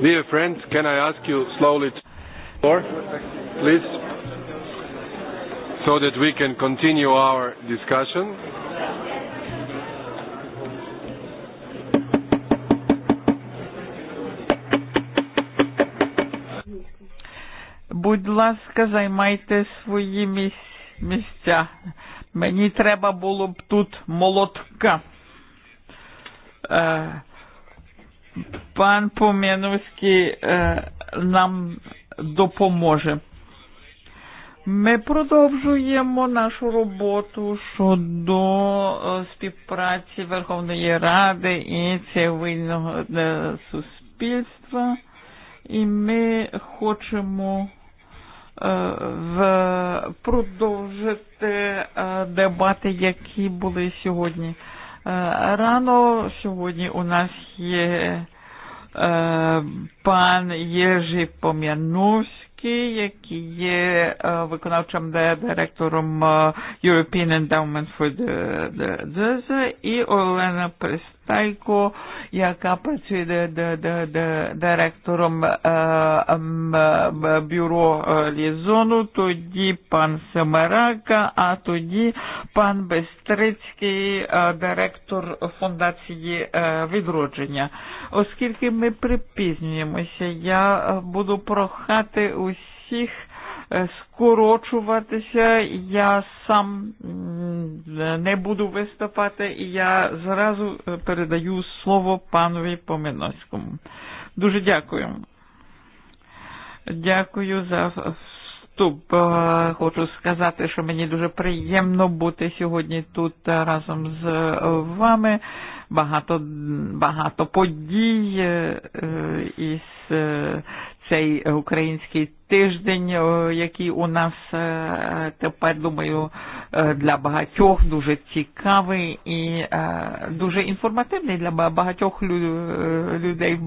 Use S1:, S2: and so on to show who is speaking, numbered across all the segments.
S1: Dear friends, can I ask you slowly to floor, please, so that we can continue our discussion?
S2: Будь ласка, займайте свої місця. Мені треба було б тут молотка. Е, Pan Pomianowski нам допоможе. Ми продовжуємо нашу роботу щодо співпраці Верховної Ради і цивільного суспільства. І ми хочемо w продовжити дебати, які були сьогодні рано. Сегодня у нас є пан Єжі Пом'яновський, який є виконавчим директором European Endowment for the Desert, і Олена Прис de яка працює директором бюро Лізону, тоді пан Семерака, а тоді пан Бестрицький, директор фундації відродження. Оскільки ми припізнюємося, я буду прохати усіх скорочуватися. Я сам не буду виступати, і я зразу передаю слово панові Поминоцькому. Дуже дякую. Дякую за вступ. Хочу сказати, що мені дуже приємно бути сьогодні тут разом з вами. Багато, багато подій із цей український тиждень, який у нас тепер, думаю, для багатьох дуже цікавий і дуже інформативний для багатьох людей в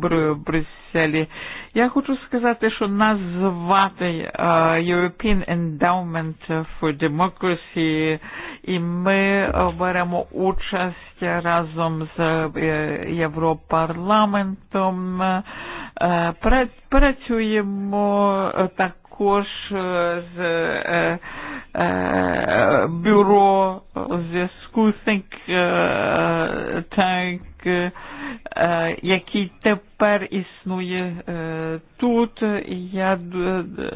S2: Брюсселі. Я хочу сказати, що нас звати European Endowment for Democracy, і ми беремо участь разом з Європарламентом. парламентом Працюємо також з бюро зв'язку think tank, який тепер існує тут. Я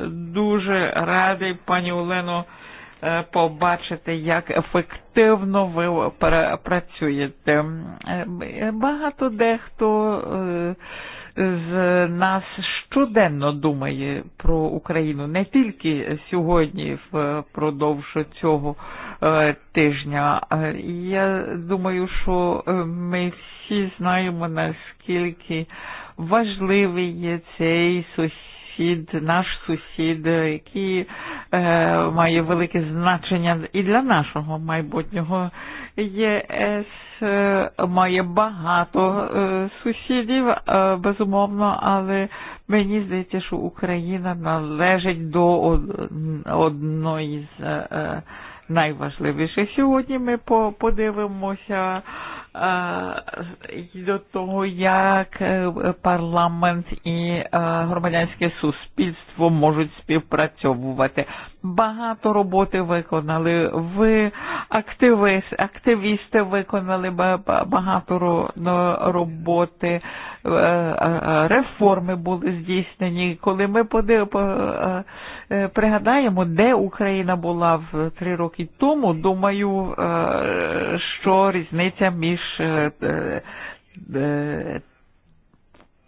S2: дуже радий, пані Олено, побачити, як ефективно ви працюєте. Багато дехто з нас щоденно думає про Україну не тільки сьогодні впродовж цього тижня. Я думаю, що ми всі знаємо наскільки важливий є цей сусід наш сусід, який е, має велике значення і для нашого майбутнього ЄС має багато сусідів, безумовно, але мені здається, що Україна належить до одної з найважливіших. Сьогодні ми подивимося до того, як парламент і громадянське суспільство можуть співпрацьовувати багато роботи виконали. Ви активіст, активісти виконали багато роботи, реформи були здійснені. Коли ми пригадаємо, де Україна була в три роки тому, думаю, що різниця між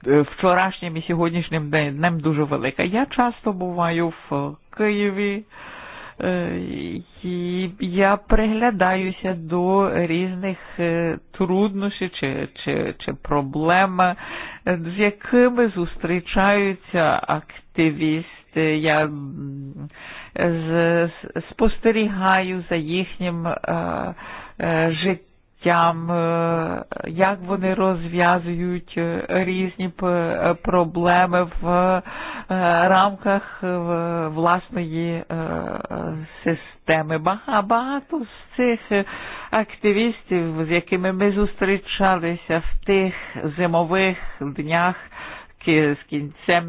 S2: вчорашнім і сьогоднішнім днем дуже велика. Я часто буваю в Києві, і я приглядаюся до різних труднощів чи, чи, чи проблем, з якими зустрічаються активісти я спостерігаю за їхнім життям там як вони розв'язують різні проблеми в рамках власної системи. Багато з цих активістів, з якими ми зустрічалися в тих зимових днях, з кінцем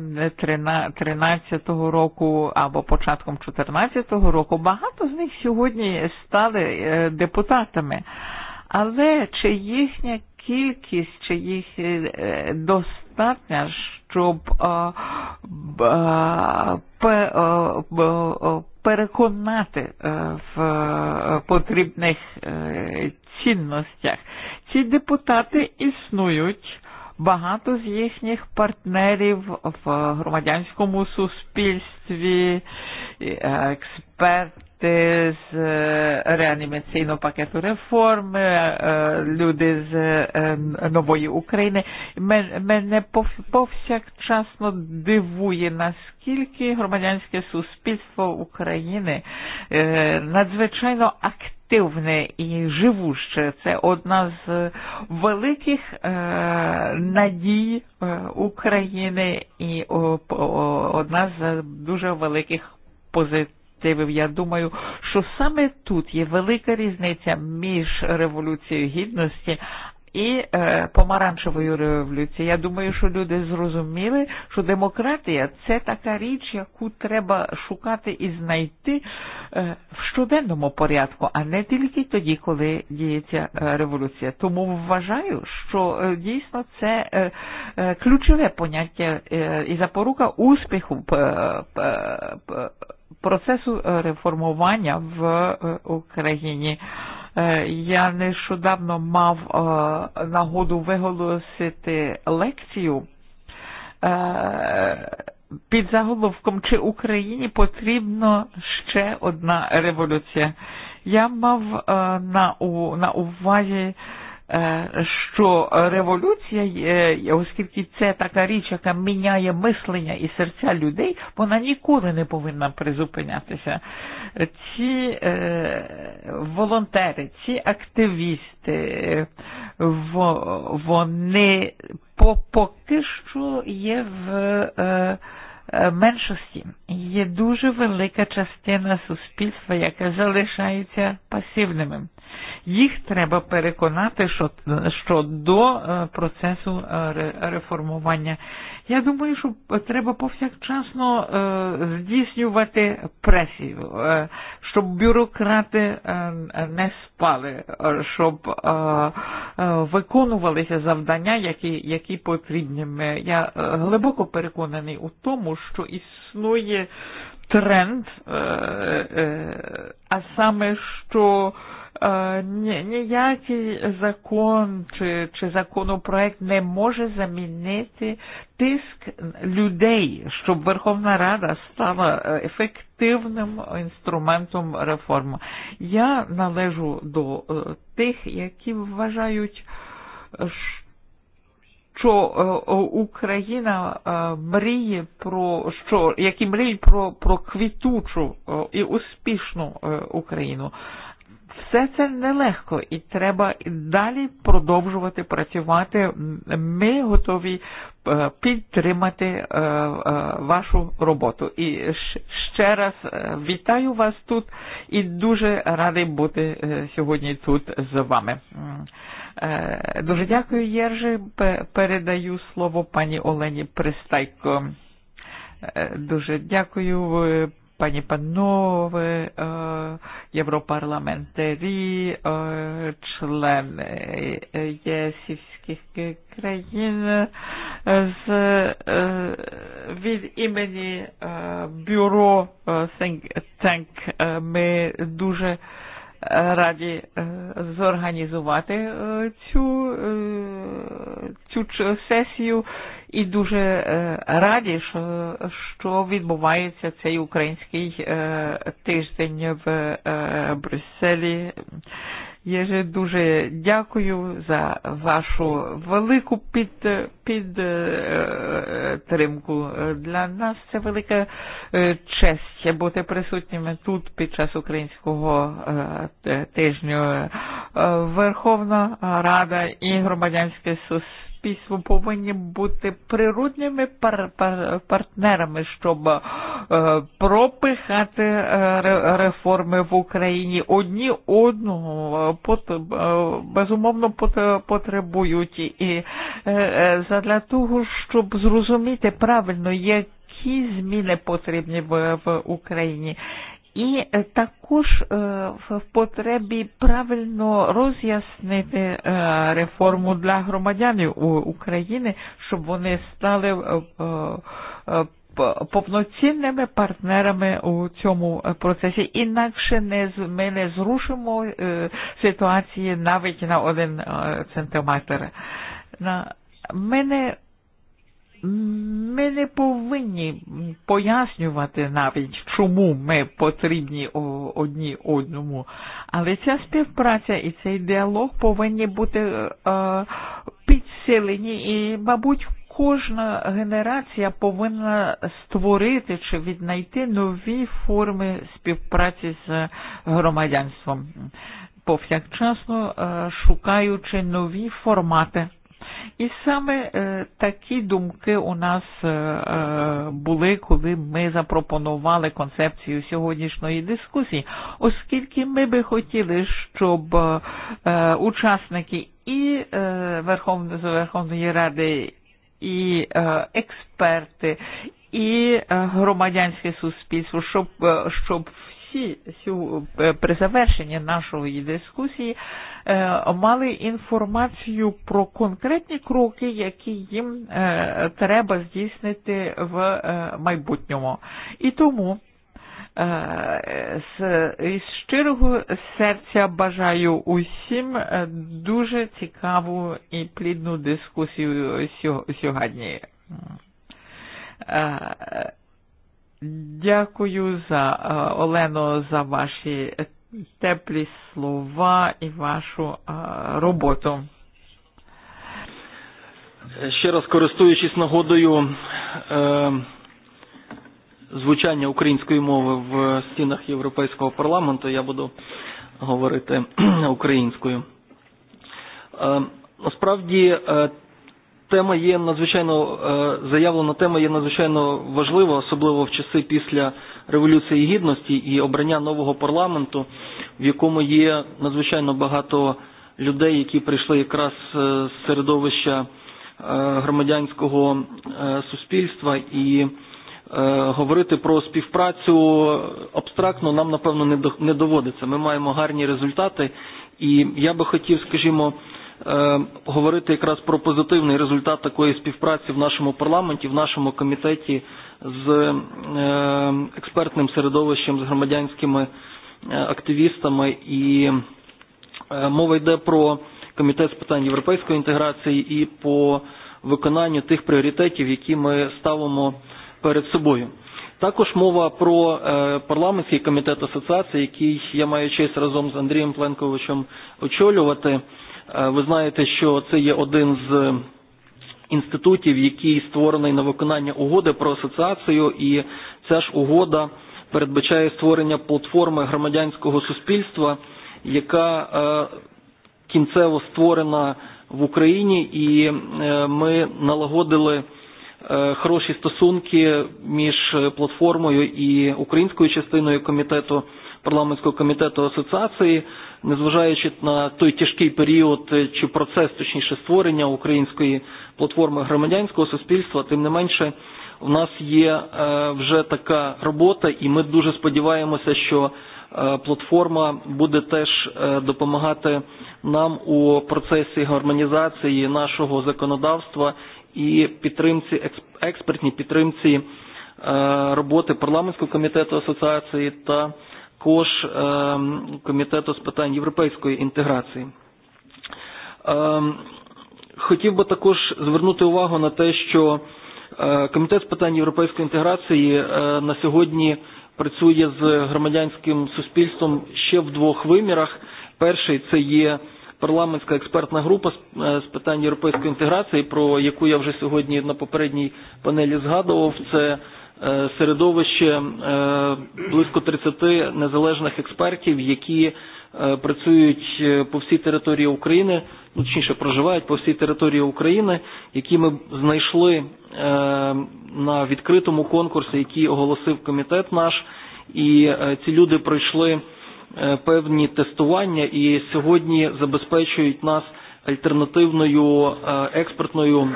S2: 13-го року або початком 14-го року, багато з них сьогодні стали депутатами але чи їхня кількість, чи їх достатня щоб переконати в потрібних цінностях. Ці депутати існують. Багато з їхніх партнерів в громадянському суспільстві, експерт люди з реанімаційного пакету реформ, люди з нової України. Мене повсякчасно дивує, наскільки громадянське суспільство України надзвичайно aktivno активне і живуще. Це одна з великих е, надій України і о, о, одна з дуже великих позитивних перспективи. Я думаю, що саме тут є велика різниця між революцією гідності і е, помаранчевою революцією. Я думаю, що люди зрозуміли, що демократія це така річ, яку треба шукати і знайти е, в щоденному порядку, а не тільки тоді, коли діється е, революція. Тому вважаю, що е, дійсно це е, е, ключове поняття е, і запорука успіху. Е, е, процесу реформування в Україні. Я нещодавно мав нагоду виголосити лекцію під заголовком чи Україні потрібна ще одна революція. Я мав на, у, на увазі що революція, оскільки це така річ, яка міняє мислення і серця людей, вона ніколи не повинна призупинятися. Ці волонтери, ці активісти, вони поки що є в меншості. Є дуже велика частина суспільства, яка залишається пасивними. Їх треба переконати що щодо процесу реформування Я думаю, що треба повсякчасно э, здійснювати пресію, э, щоб бюрократи э, не спали, щоб э, э, виконувалися завдання, які, які потрібні. Я глибоко переконаний у тому, що існує тренд, э, э, а саме що ніякий закон чи, чи законопроект не може замінити тиск людей, щоб Верховна Рада стала ефективним інструментом реформи. Я належу до тих, які вважають, що Україна мріє про що, які мріють про, про квітучу і успішну Україну. Все це нелегко і треба далі продовжувати працювати. Ми готові підтримати вашу роботу. І ще раз вітаю вас тут і дуже радий бути сьогодні тут з вами. Дуже дякую, Єржи. Передаю слово пані Олені Пристайко. Дуже дякую, пані панове, європарламентарі, члени єсівських країн з від імені бюро Сенк ми дуже раді зорганізувати цю, цю сесію і дуже раді, що, що відбувається цей український тиждень в Брюсселі. Я же дуже дякую за вашу велику під, підтримку. Для нас це велика честь бути присутніми тут під час українського тижню. Верховна Рада і громадянське суспільство письма повинні бути природними пар пар партнерами, щоб е, э, пропихати э, е, реформи в Україні. Одні одного пот, е, безумовно пот, потребують і е, для того, щоб зрозуміти правильно, які зміни потрібні в, в Україні і також в потребі правильно роз'яснити реформу для громадян України, щоб вони стали повноцінними партнерами у цьому процесі. Інакше не, ми не зрушимо ситуації навіть на один центиметр. На мене Ми не повинні пояснювати навіть, чому ми потрібні одні одному, але ця співпраця і цей діалог повинні бути е, підсилені і, мабуть, кожна генерація повинна створити чи віднайти нові форми співпраці з громадянством, повсякчасно е, шукаючи нові формати І саме такі думки у нас були, коли ми запропонували концепцію сьогоднішньої дискусії, оскільки ми би хотіли, щоб учасники і Верховної, Верховної Ради, і експерти, і громадянське суспільство, щоб, щоб всі всю при завершенні нашої дискусії мали інформацію про конкретні кроки, які їм треба здійснити в майбутньому. І тому з щирого серця бажаю усім дуже цікаву і плідну дискусію сьогодні. Дякую за Олено за ваші теплі слова і вашу роботу.
S3: Ще раз користуючись нагодою звучання української мови в стінах Європейського парламенту, я буду говорити українською. Насправді Тема є надзвичайно заявлена тема є надзвичайно важлива, особливо в часи після революції гідності і обрання нового парламенту, в якому є надзвичайно багато людей, які прийшли якраз з середовища громадянського суспільства і говорити про співпрацю абстрактно нам напевно не доводиться. Ми маємо гарні результати, і я би хотів, скажімо, говорити якраз про позитивний результат такої співпраці в нашому парламенті, в нашому комітеті з експертним середовищем, з громадянськими активістами. І мова йде про комітет з питань європейської інтеграції і по виконанню тих пріоритетів, які ми ставимо перед собою. Також мова про парламентський комітет асоціації, який я маю честь разом з Андрієм Пленковичем очолювати. Ви знаєте, що це є один з інститутів, який створений на виконання угоди про асоціацію, і ця ж угода передбачає створення платформи громадянського суспільства, яка кінцево створена в Україні, і ми налагодили хороші стосунки між платформою і українською частиною комітету парламентського комітету асоціації, незважаючи на той тяжкий період чи процес, точніше, створення української платформи громадянського суспільства, тим не менше в нас є вже така робота, і ми дуже сподіваємося, що платформа буде теж допомагати нам у процесі гармонізації нашого законодавства і підтримці експертній підтримці роботи парламентського комітету асоціації та Кош комітету з питань європейської інтеграції. Хотів би також звернути увагу на те, що э, Комітет з питань європейської інтеграції э, на сьогодні працює з громадянським суспільством ще в двох вимірах. Перший це є парламентська експертна група з питань європейської інтеграції, про яку я вже сьогодні на попередній панелі згадував. Це середовище близько 30 незалежних експертів, які працюють по всій території України, точніше проживають по всій території України, які ми знайшли на відкритому конкурсі, який оголосив комітет наш, і ці люди пройшли певні тестування і сьогодні забезпечують нас альтернативною експертною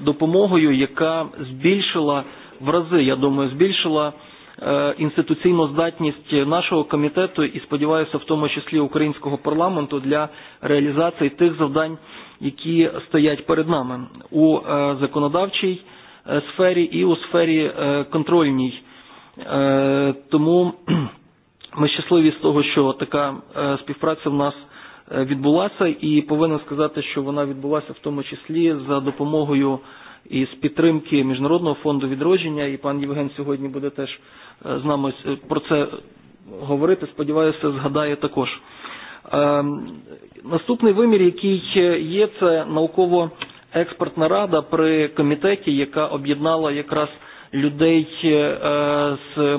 S3: допомогою, яка збільшила в рази, я думаю, збільшила інституційну здатність нашого комітету і, сподіваюся, в тому числі українського парламенту для реалізації тих завдань, які стоять перед нами у законодавчій сфері і у сфері контрольній. Тому ми щасливі з того, що така співпраця в нас відбулася і повинен сказати, що вона відбулася в тому числі за допомогою і з підтримки Міжнародного фонду відродження, і пан Євген сьогодні буде теж з нами про це говорити, сподіваюся, згадає також. Наступний вимір, який є, це науково-експертна рада при комітеті, яка об'єднала якраз людей з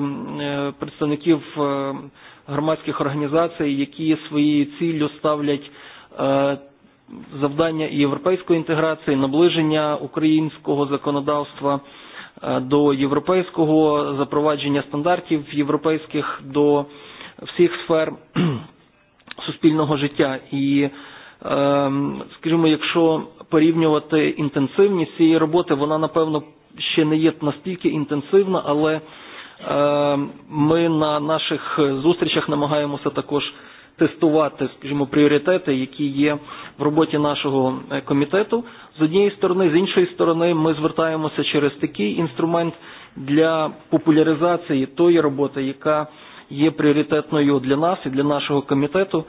S3: представників громадських організацій, які своєю ціллю ставлять завдання і європейської інтеграції, наближення українського законодавства до європейського, запровадження стандартів європейських до всіх сфер суспільного життя. І, скажімо, якщо порівнювати інтенсивність цієї роботи, вона, напевно, ще не є настільки інтенсивна, але ми на наших зустрічах намагаємося також тестувати, скажімо, пріоритети, які є в роботі нашого комітету. З однієї сторони, з іншої сторони, ми звертаємося через такий інструмент для популяризації тої роботи, яка є пріоритетною для нас і для нашого комітету.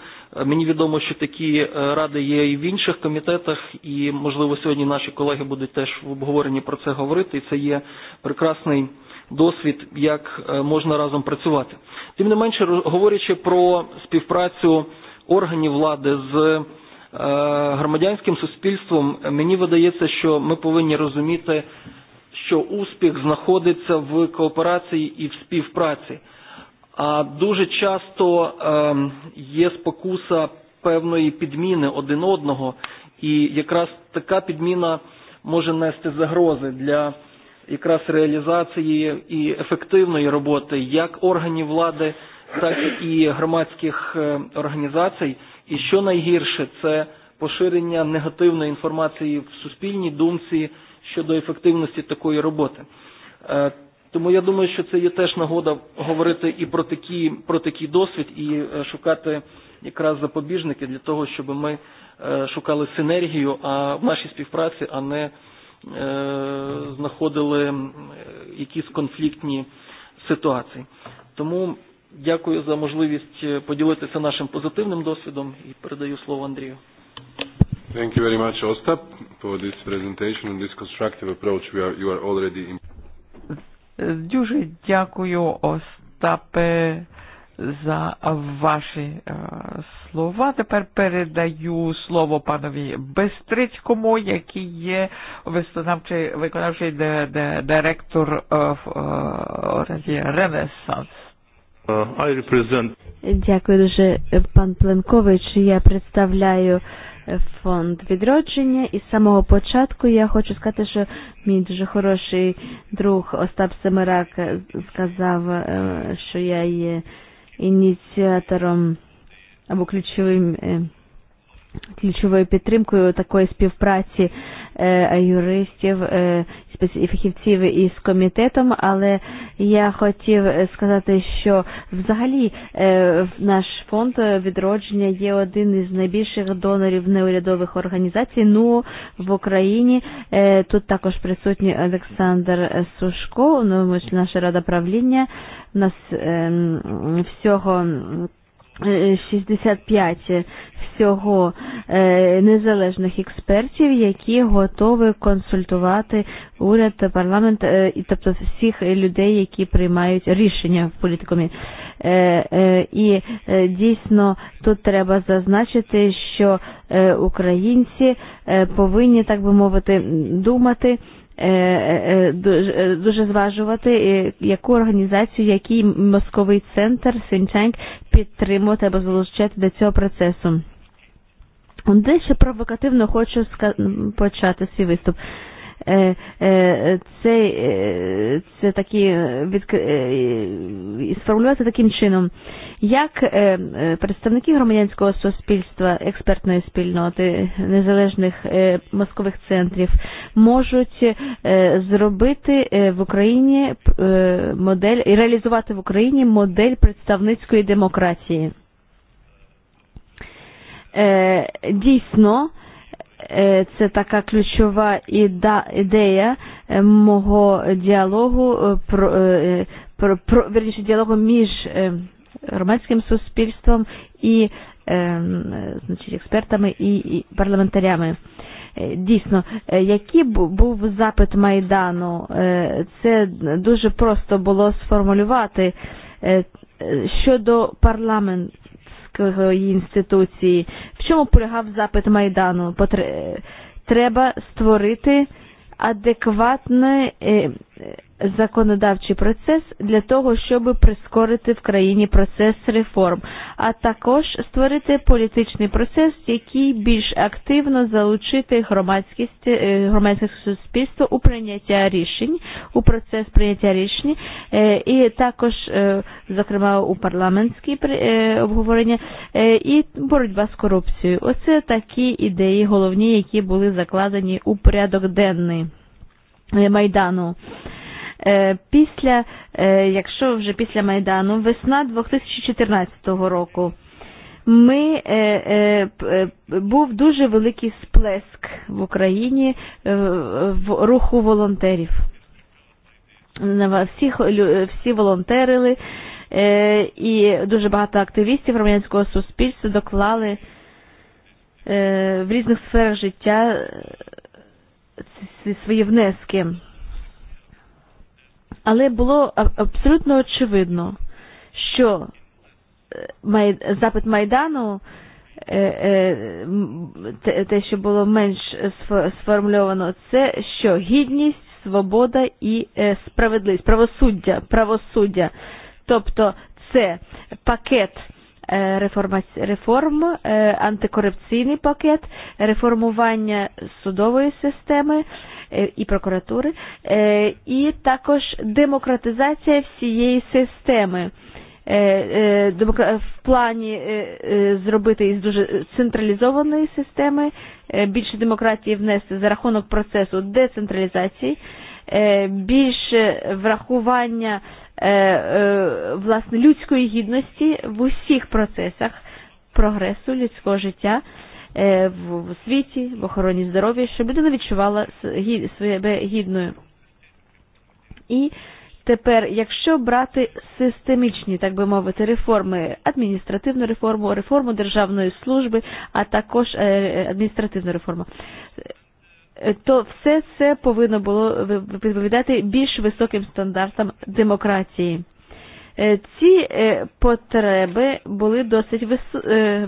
S3: Мені відомо, що такі ради є і в інших комітетах, і, можливо, сьогодні наші колеги будуть теж в обговоренні про це говорити, і це є прекрасний досвід, як можна разом працювати. Тим не менше, говорячи про співпрацю органів влади з громадянським суспільством, мені видається, що ми повинні розуміти, що успіх знаходиться в кооперації і в співпраці. А дуже часто є спокуса певної підміни один одного, і якраз така підміна може нести загрози для якраз реалізації і ефективної роботи як органів влади, так і громадських організацій. І що найгірше, це поширення негативної інформації в суспільній думці щодо ефективності такої роботи. Тому я думаю, що це є теж нагода говорити і про такі, про такий досвід, і шукати якраз запобіжники для того, щоб ми шукали синергію а в нашій співпраці, а не знаходили якісь конфліктні ситуації. Тому дякую за можливість поділитися нашим позитивним досвідом і передаю слово Андрію.
S4: Thank
S1: you very much, Ostap, for this presentation and this constructive approach we are, you are already in.
S2: Дуже дякую, Остапе, за ваші э, слова. Тепер передаю слово панові Бестрицькому, який є виконавчий, виконавчий директор Ренесанс.
S5: I represent...
S6: Дякую дуже, пан Пленкович. Я представляю фонд відродження. І з самого початку я хочу сказати, що мій дуже хороший друг Остап Семирак сказав, що я є ініціатором або ключовим ключовою підтримкою такої співпраці юристів, фахівців із комітетом, але я хотів сказати, що взагалі наш фонд відродження є один із найбільших донорів неурядових організацій. Ну, в Україні тут також присутній Олександр Сушко, ну, наша рада правління, нас э, всього 65 э, всього незалежних експертів, які готові консультувати уряд, парламент, і э, тобто всіх людей, які приймають рішення в політикумі. і э, дійсно тут треба зазначити, що українці повинні, так би мовити, думати дуже зважувати, яку організацію, який мозковий центр Сінчанг підтримувати або залучати до цього процесу. Дещо провокативно хочу почати свій виступ це, це такі відкри сформулювати таким чином, як представники громадянського суспільства, експертної спільноти, незалежних мозкових центрів можуть зробити в Україні модель і реалізувати в Україні модель представницької демократії. Дійсно, E, це така ключова ідея мого діалогу про, про, про верніше діалогу між громадським суспільством і значить, експертами і, і парламентарями. Дійсно, який був запит Майдану, це дуже просто було сформулювати щодо парламент інституції. В чому полягав запит Майдану? Треба створити адекватне законодавчий процес для того, щоб прискорити в країні процес реформ, а також створити політичний процес, який більш активно залучити громадськість громадське суспільство у прийняття рішень, у процес прийняття рішень, і також, зокрема, у парламентські обговорення і боротьба з корупцією. Оце такі ідеї головні, які були закладені у порядок денний. Майдану. Після, якщо вже після Майдану, весна 2014 року, ми був дуже великий сплеск в Україні в руху волонтерів. Всі, всі волонтерили і дуже багато активістів громадянського суспільства доклали в різних сферах життя свої внески. Але було абсолютно очевидно, що запит Майдану те, що було менш сформульовано, це що гідність, свобода і справедливість, правосуддя, правосуддя. Тобто це пакет реформ, антикорупційний пакет, реформування судової системи і прокуратури, і також демократизація всієї системи в плані зробити із дуже централізованої системи більше демократії внести за рахунок процесу децентралізації, більше врахування власне людської гідності в усіх процесах прогресу людського життя в освіті, в охороні здоров'я, щоб людина відчувала себе гідною. І Тепер, якщо брати системічні, так би мовити, реформи, адміністративну реформу, реформу державної служби, а також адміністративну реформу, то все це повинно було відповідати більш високим стандартам демократії. Ці потреби були досить вис...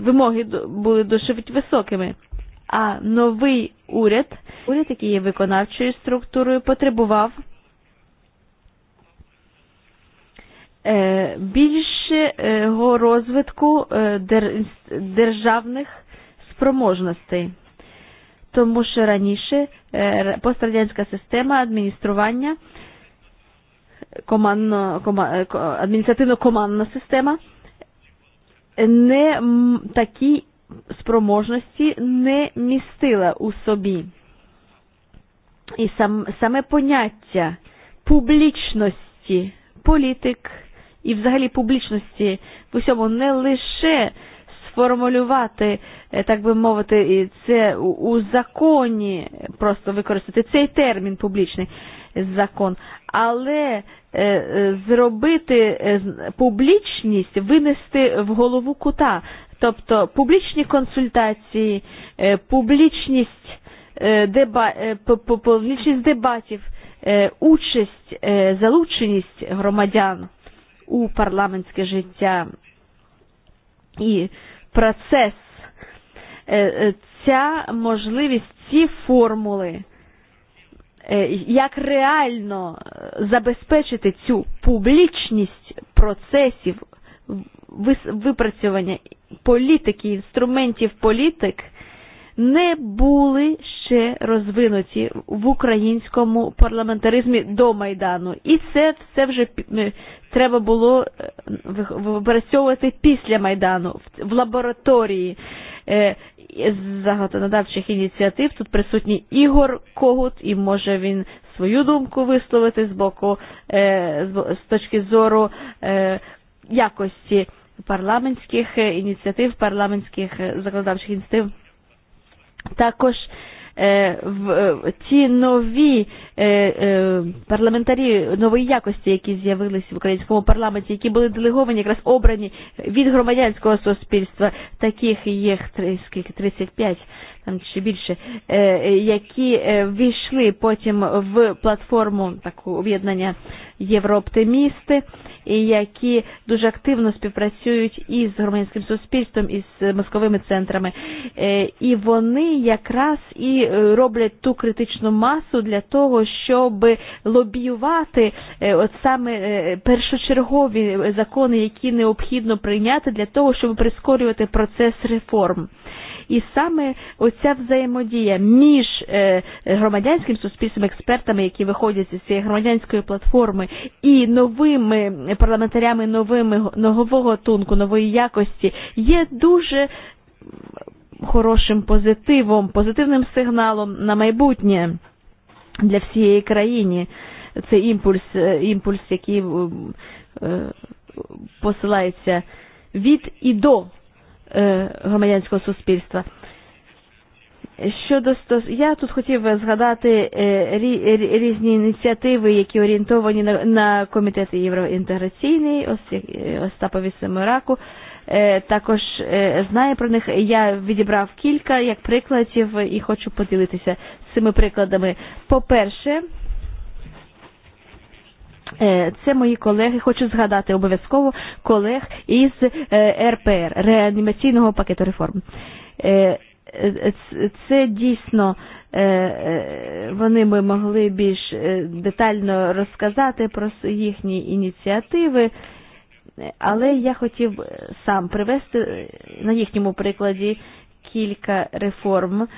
S6: вимоги були досить високими. А новий уряд, уряд, який є виконавчою структурою, потребував більшого розвитку державних спроможностей тому що раніше пострадянська система адміністрування, командно, команд, адміністративно-командна система не такі спроможності не містила у собі. І сам, саме поняття публічності політик і взагалі публічності в усьому не лише сформулювати, так би мовити, це у законі просто використати цей термін публічний закон, але зробити публічність, винести в голову кута, тобто публічні консультації, публічність, деба, публічність дебатів, участь, залученість громадян у парламентське життя і процес. Э, э, ця можливість, ці формули, як реально забезпечити цю публічність процесів випрацювання політики, інструментів політик – не були ще розвинуті в українському парламентаризмі до Майдану. І це все вже треба було випрацьовувати після Майдану в лабораторії законодавчих ініціатив. Тут присутній Ігор Когут, і може він свою думку висловити з боку з точки зору якості парламентських ініціатив, парламентських законодавчих ініціатив Також в ті нові парламентарі нової якості, які з'явилися в українському парламенті, які були делеговані, якраз обрані від громадянського суспільства, таких їх 35 там більше, э, які э, війшли потім в платформу таку об'єднання єврооптимісти, і які дуже активно співпрацюють із громадянським суспільством, із мозковими центрами. І вони якраз і роблять ту критичну масу для того, щоб лобіювати от саме першочергові закони, які необхідно прийняти для того, щоб прискорювати процес реформ. І саме оця взаємодія між громадянським суспільством, експертами, які виходять з цієї громадянської платформи, і новими парламентарями новими нового тунку, нової якості, є дуже хорошим позитивом, позитивним сигналом на майбутнє для всієї країни. Це імпульс, імпульс, який посилається від і до громадянського суспільства. Щодо я тут хотів згадати різні ініціативи, які орієнтовані на, на комітет євроінтеграційний Остапові Семераку. Також знає про них. Я відібрав кілька як прикладів і хочу поділитися цими прикладами. По-перше, Це мої колеги, хочу згадати обов'язково колег із РПР, реанімаційного пакету реформ. Це дійсно вони ми могли більш детально розказати про їхні ініціативи, але я хотів сам привести на їхньому прикладі кілька реформ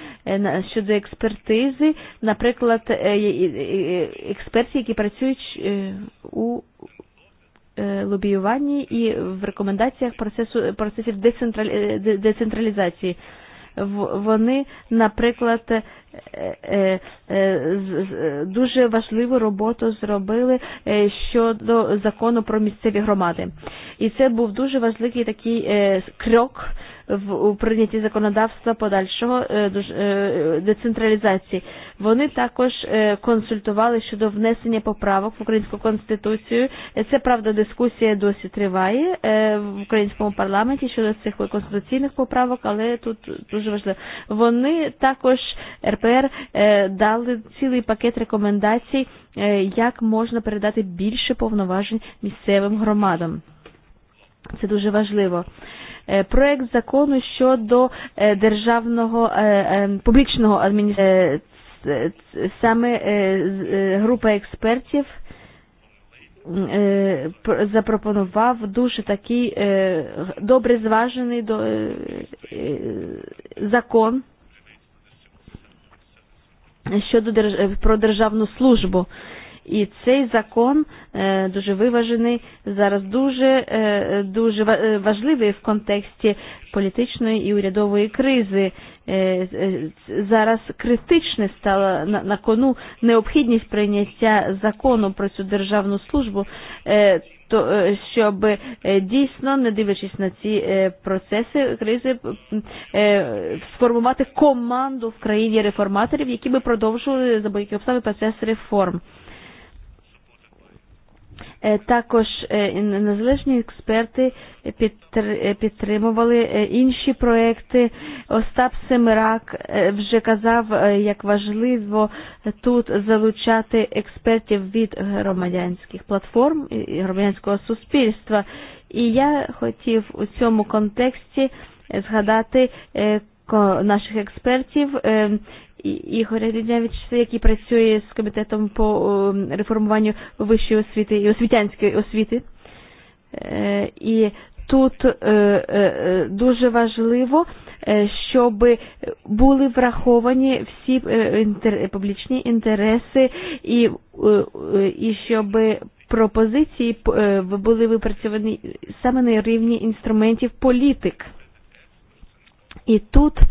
S6: щодо експертизи, наприклад, експертів, які працюють у лобіюванні і в рекомендаціях процесу процесів децентралізації. Вони, наприклад, дуже важливу роботу зробили щодо закону про місцеві громади. І це був дуже важливий такий крок у прийняті законодавства подальшого э, э, децентралізації. Вони також консультували щодо внесення поправок в Українську конституцію. Це правда дискусія досі триває в українському парламенті щодо цих конституційних поправок, але тут дуже важливо. Вони також РПР дали цілий пакет рекомендацій, як можна передати більше повноважень місцевим громадам. Це дуже важливо проект закону щодо державного публічного адміністрації саме група експертів запропонував дуже такий добре зважений до закон щодо про державну службу. І цей закон дуже виважений зараз дуже дуже важливий в контексті політичної і урядової кризи. Зараз критичне стало на кону необхідність прийняття закону про цю державну службу то щоб дійсно, не дивлячись на ці процеси кризи, сформувати команду в країні реформаторів, які би продовжували за будь-які обставини процес реформ також незалежні експерти підтримували інші проекти. Остап Семирак вже казав, як важливо тут залучати експертів від громадянських платформ і громадянського суспільства. І я хотів у цьому контексті згадати наших експертів Ігор Рядіневич, який працює з комітетом по реформуванню вищої освіти і освітянської освіти. І тут дуже важливо, щоб були враховані всі публічні інтереси і, і щоб пропозиції були випрацьовані саме на рівні інструментів політик. І тут е,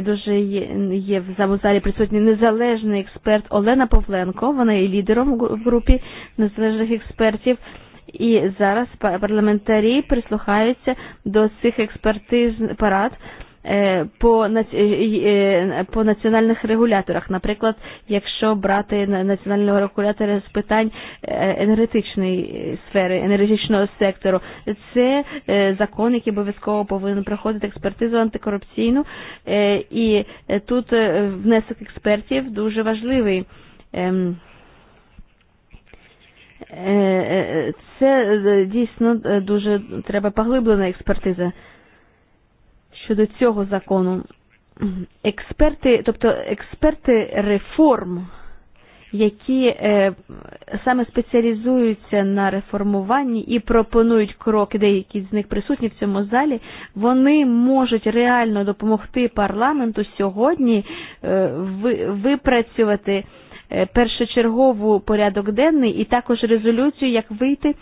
S6: дуже є в цьому залі присутній незалежний експерт Олена Павленко. Вона є лідером в групі незалежних експертів. І зараз парламентарі прислухаються до цих експертиз парад по по національних регуляторах. Наприклад, якщо брати національного регулятора з питань енергетичної сфери, енергетичного сектору, це закон, який обов'язково повинен проходити експертизу антикорупційну, і тут внесок експертів дуже важливий. Це дійсно дуже треба поглиблена експертиза щодо цього закону. Експерти, тобто експерти реформ, які е, саме спеціалізуються на реформуванні і пропонують кроки, деякі з них присутні в цьому залі, вони можуть реально допомогти парламенту сьогодні е, випрацювати першочергову порядок денний і також резолюцію, як вийти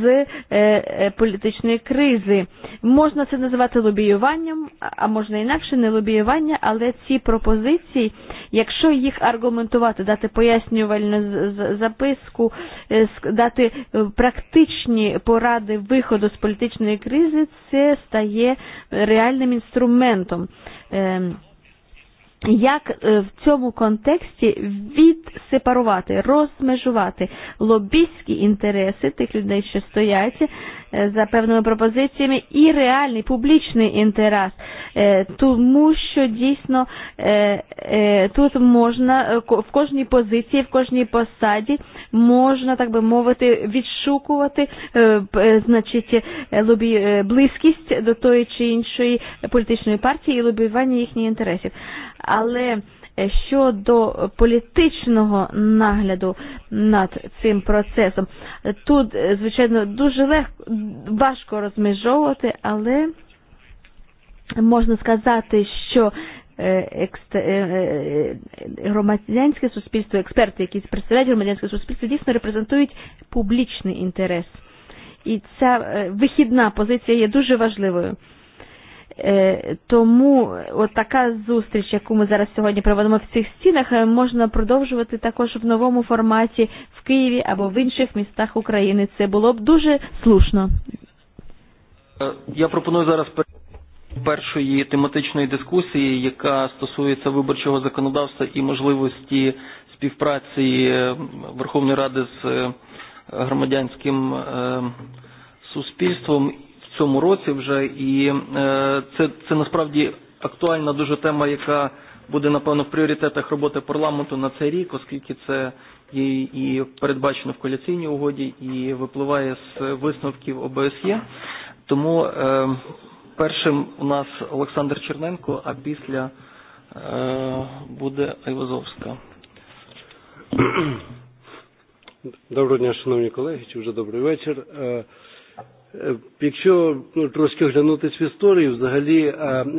S6: з політичної кризи. Можна це називати лобіюванням, а можна інакше не лобіювання, але ці пропозиції, якщо їх аргументувати, дати пояснювальну записку, дати практичні поради виходу з політичної кризи, це стає реальним інструментом як в цьому контексті відсепарувати, розмежувати лобістські інтереси тих людей, що стоять за певними пропозиціями і реальний публічний інтерес, тому що дійсно тут можна в кожній позиції, в кожній посаді можна, так би мовити, відшукувати значить, лобі, близькість до тої чи іншої політичної партії і лобіювання їхніх інтересів. Але щодо політичного нагляду над цим процесом. Тут, звичайно, дуже легко, важко розмежовувати, але можна сказати, що громадянське суспільство, експерти, які представляють громадянське суспільство, дійсно репрезентують публічний інтерес. І ця вихідна позиція є дуже важливою. Тому от така зустріч, яку ми зараз сьогодні проводимо в цих стінах, можна продовжувати також в новому форматі в Києві або в інших містах України. Це було б дуже слушно.
S3: Я пропоную зараз першої тематичної дискусії, яка стосується виборчого законодавства і можливості співпраці Верховної Ради з громадянським суспільством цьому році вже. І це, це насправді актуальна дуже тема, яка буде, напевно, в пріоритетах роботи парламенту на цей рік, оскільки це і, і передбачено в коаліційній угоді і випливає з висновків ОБСЄ. Тому е, першим у нас Олександр Черненко, а після е,
S1: буде Айвазовська. Доброго дня, шановні колеги, чи вже добрий вечір. Э, якщо трошки оглянутись в історію, взагалі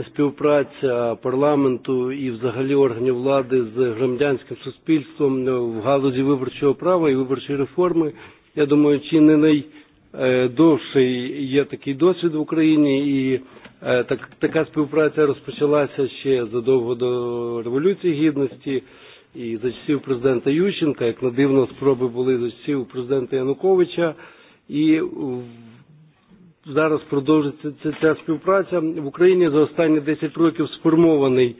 S1: співпраця парламенту і взагалі органів влади з громадянським суспільством в галузі виборчого права і виборчої реформи, я думаю, чи не найдовший є такий досвід в Україні, і так, така співпраця розпочалася ще задовго до Революції Гідності і за часів президента Ющенка, як на дивно спроби були за часів президента Януковича, і зараз продовжиться ця співпраця. В Україні за останні 10 років сформований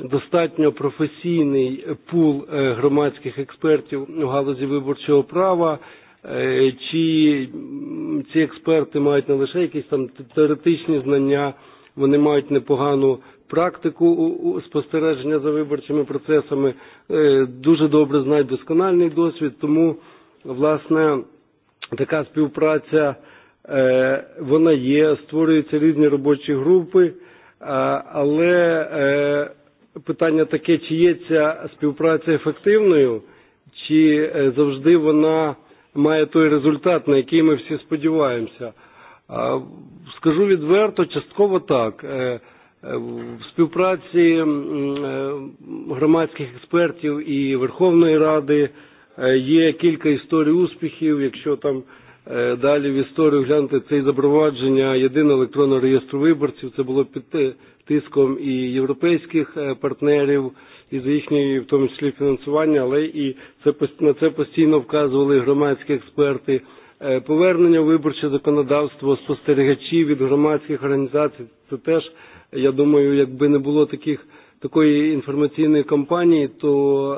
S1: достатньо професійний пул громадських експертів у галузі виборчого права. Чи ці експерти мають не лише якісь там теоретичні знання, вони мають непогану практику спостереження за виборчими процесами, дуже добре знають доскональний досвід, тому, власне, така співпраця – вона є, створюються різні робочі групи, але питання таке, чи є ця співпраця ефективною, чи завжди вона має той результат, на який ми всі сподіваємося. Скажу відверто, частково так. В співпраці громадських експертів і Верховної Ради є кілька історій успіхів, якщо там далі в історію глянути це запровадження єдиного електронного реєстру виборців. Це було під тиском і європейських партнерів, і за їхньої, в тому числі, фінансування, але і це, на це постійно вказували громадські експерти. Повернення виборче законодавство спостерігачів від громадських організацій, це теж, я думаю, якби не було таких такої інформаційної кампанії, то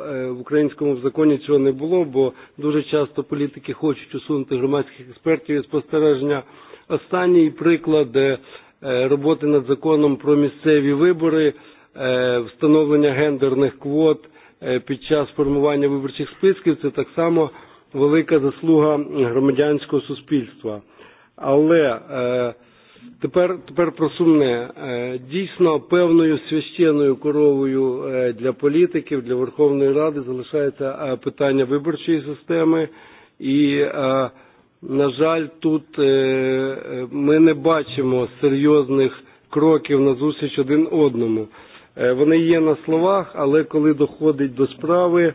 S1: е, в українському законі цього не було, бо дуже часто політики хочуть усунути громадських експертів і спостереження. Останній приклад е, роботи над законом про місцеві вибори, е, встановлення гендерних квот під час формування виборчих списків – це так само велика заслуга громадянського суспільства. Але е, Тепер, тепер про сумне. Дійсно, певною священною коровою для політиків, для Верховної Ради залишається питання виборчої системи. І, на жаль, тут ми не бачимо серйозних кроків на зустріч один одному. Вони є на словах, але коли доходить до справи,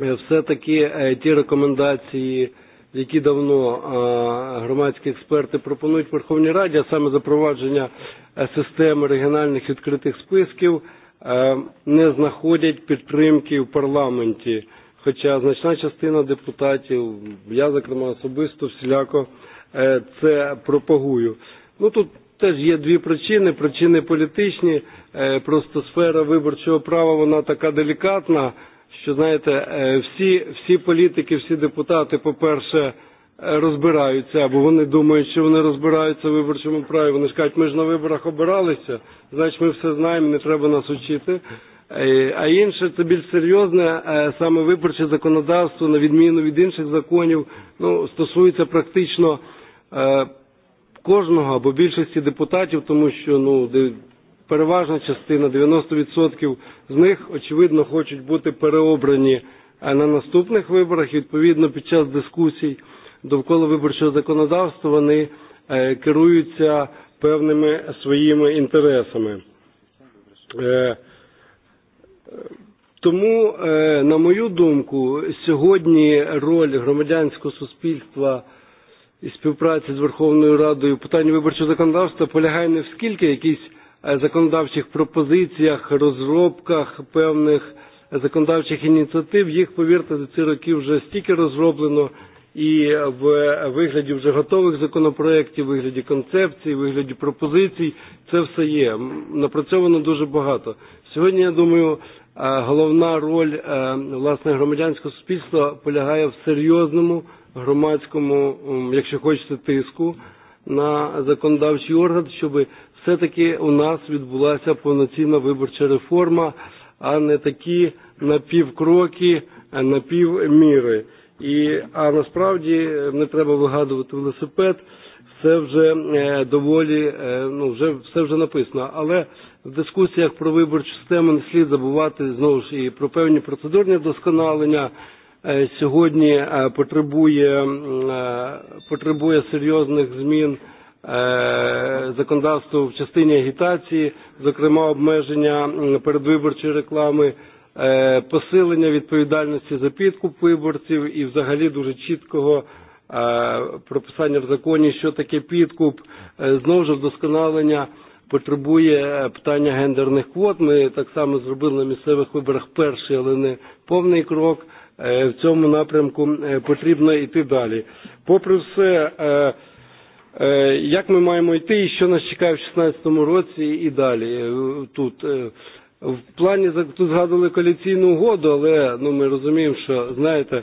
S1: все-таки ті рекомендації – які давно громадські експерти пропонують Верховній Раді, а саме запровадження системи регіональних відкритих списків, не знаходять підтримки в парламенті. Хоча значна частина депутатів, я, зокрема, особисто всіляко це пропагую. Ну, тут теж є дві причини. Причини політичні, просто сфера виборчого права, вона така делікатна, що, знаєте, всі, всі політики, всі депутати, по-перше, розбираються, або вони думають, що вони розбираються в виборчому праві. Вони ж кажуть, ми ж на виборах обиралися, значить ми все знаємо, не треба нас учити. А інше це більш серйозне, саме виборче законодавство, на відміну від інших законів, ну, стосується практично кожного або більшості депутатів, тому що ну, переважна частина, 90% з них, очевидно, хочуть бути переобрані на наступних виборах. Відповідно, під час дискусій довкола виборчого законодавства вони керуються певними своїми інтересами. Тому, на мою думку, сьогодні роль громадянського суспільства і співпраці з Верховною Радою питання виборчого законодавства полягає не в скільки якісь законодавчих пропозиціях, розробках певних законодавчих ініціатив. Їх, повірте, за ці роки вже стільки розроблено і в вигляді вже готових законопроєктів, вигляді концепцій, вигляді пропозицій. Це все є. Напрацьовано дуже багато. Сьогодні, я думаю, головна роль власне громадянського суспільства полягає в серйозному громадському, якщо хочете, тиску на законодавчий орган, щоб все-таки у нас відбулася повноцінна виборча реформа, а не такі напівкроки, напівміри. І, а насправді не треба вигадувати велосипед, все вже доволі, ну, вже, все вже написано. Але в дискусіях про виборчу систему не слід забувати знову ж і про певні процедурні вдосконалення. Сьогодні потребує, потребує серйозних змін – Законодавство в частині агітації, зокрема обмеження передвиборчої реклами, посилення відповідальності за підкуп виборців і взагалі дуже чіткого прописання в законі, що таке підкуп, знову ж вдосконалення потребує питання гендерних квот. Ми так само зробили на місцевих виборах перший, але не повний крок. В цьому напрямку потрібно йти далі. Попри все, Як ми маємо йти і що нас чекає в 2016 році і далі тут? В плані тут згадували коаліційну угоду, але ну, ми розуміємо, що знаєте,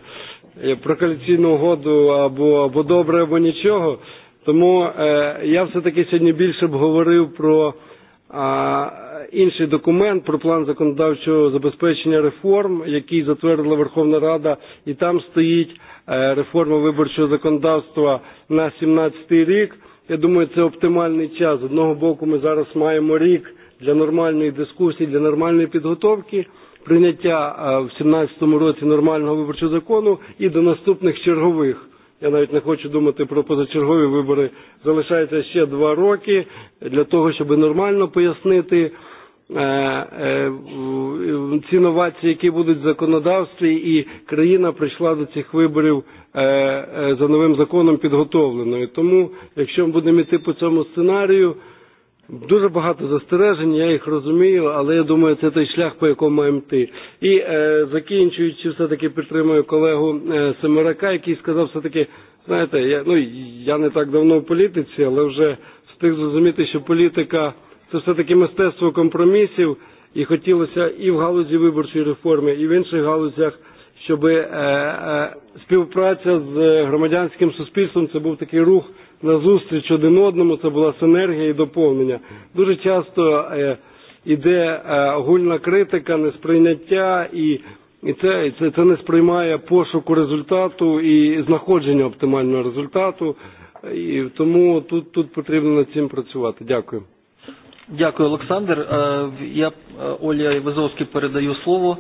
S1: про коаліційну угоду або, або добре, або нічого. Тому е, я все-таки сьогодні більше б говорив про е, інший документ, про план законодавчого забезпечення реформ, який затвердила Верховна Рада, і там стоїть Реформа виборчого законодавства на 17 рік. Я думаю, це оптимальний час. З одного боку, ми зараз маємо рік для нормальної дискусії, для нормальної підготовки, прийняття в 17-му році нормального виборчого закону і до наступних чергових. Я навіть не хочу думати про позачергові вибори. Залишається ще два роки для того, щоб нормально пояснити ці новації, які будуть в законодавстві, і країна прийшла до цих виборів за новим законом підготовленою. Тому, якщо ми будемо йти по цьому сценарію, Дуже багато застережень, я їх розумію, але я думаю, це той шлях, по якому маємо йти. І закінчуючи, все-таки підтримую колегу Семерака, який сказав все-таки, знаєте, я, ну, я не так давно в політиці, але вже встиг зрозуміти, що політика – Це все-таки мистецтво компромісів і хотілося і в галузі виборчої реформи, і в інших галузях, щоб е, е, співпраця з громадянським суспільством, це був такий рух на зустріч один одному, це була синергія і доповнення. Дуже часто е, іде е, гульна критика, несприйняття і І це, це, це не сприймає пошуку результату і знаходження оптимального результату. І тому тут, тут потрібно над цим працювати. Дякую.
S3: Дякую, Олександр. Я Оля Івазовський передаю слово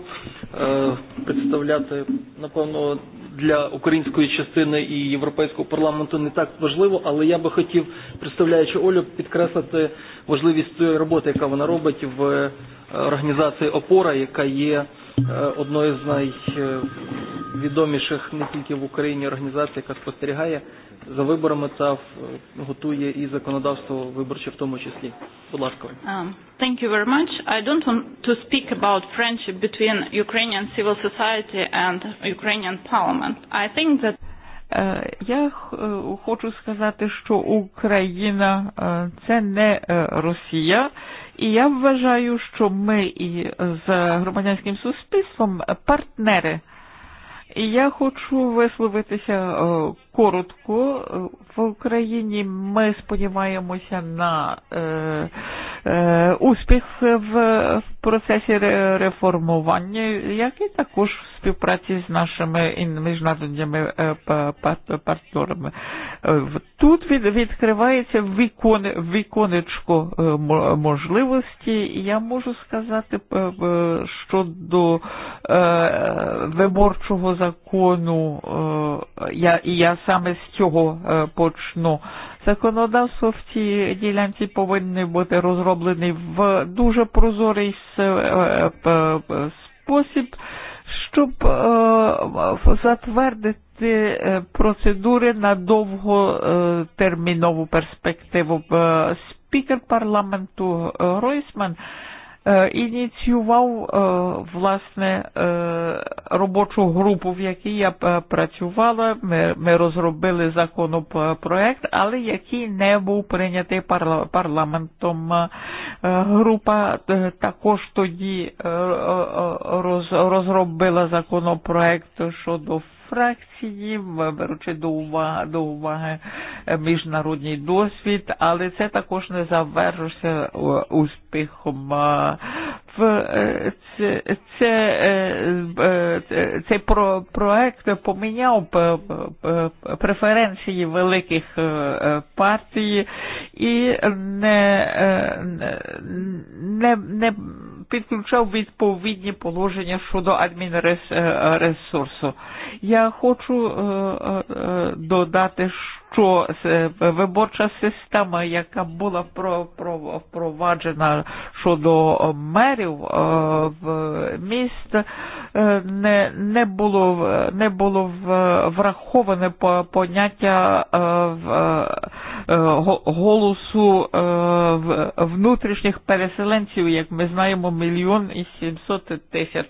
S3: представляти, напевно, для української частини і Європейського парламенту не так важливо, але я би хотів, представляючи Олю, підкреслити важливість цієї роботи, яка вона робить в організації ОПОРА, яка є одною з най Відоміших не тільки в Україні організацій, яка спостерігає за виборами та готує і законодавство виборче в тому числі. Будь ласка.
S7: Um, thank you very much. I don't want to speak about friendship between Ukrainian civil society and Ukrainian parliament. I think that
S2: Я хочу сказати, що Україна це не Росія, і я вважаю, що ми і з громадянським суспільством партнери Я хочу висловитися коротко. В Україні ми сподіваємося на успіх в процесі реформування, як і також в співпраці з нашими міжнародними партнерами. Тут відкривається вікон, віконечко можливості. Я можу сказати щодо виборчого закону, я, я саме з цього почну. Законодавство в цій ділянці повинні бути розроблені в дуже прозорий спосіб, щоб затвердити процедури на довготермінову перспективу. Спікер парламенту Гройсман ініціював власне робочу групу, в якій я працювала. Ми, ми розробили законопроект, але який не був прийнятий парламентом. Група також тоді розробила законопроект щодо фракції, беручи до уваги, до уваги міжнародний досвід, але це також не завершився успіхом. Це, це, цей про, проект поміняв преференції великих партій і не, не, не, не підключав відповідні положення щодо адмінресурсу. Я хочу додати, що що виборча система, яка була впроваджена щодо мерів в міст, не, не було, не було враховане поняття голосу внутрішніх переселенців, як ми знаємо, мільйон і сімсот тисяч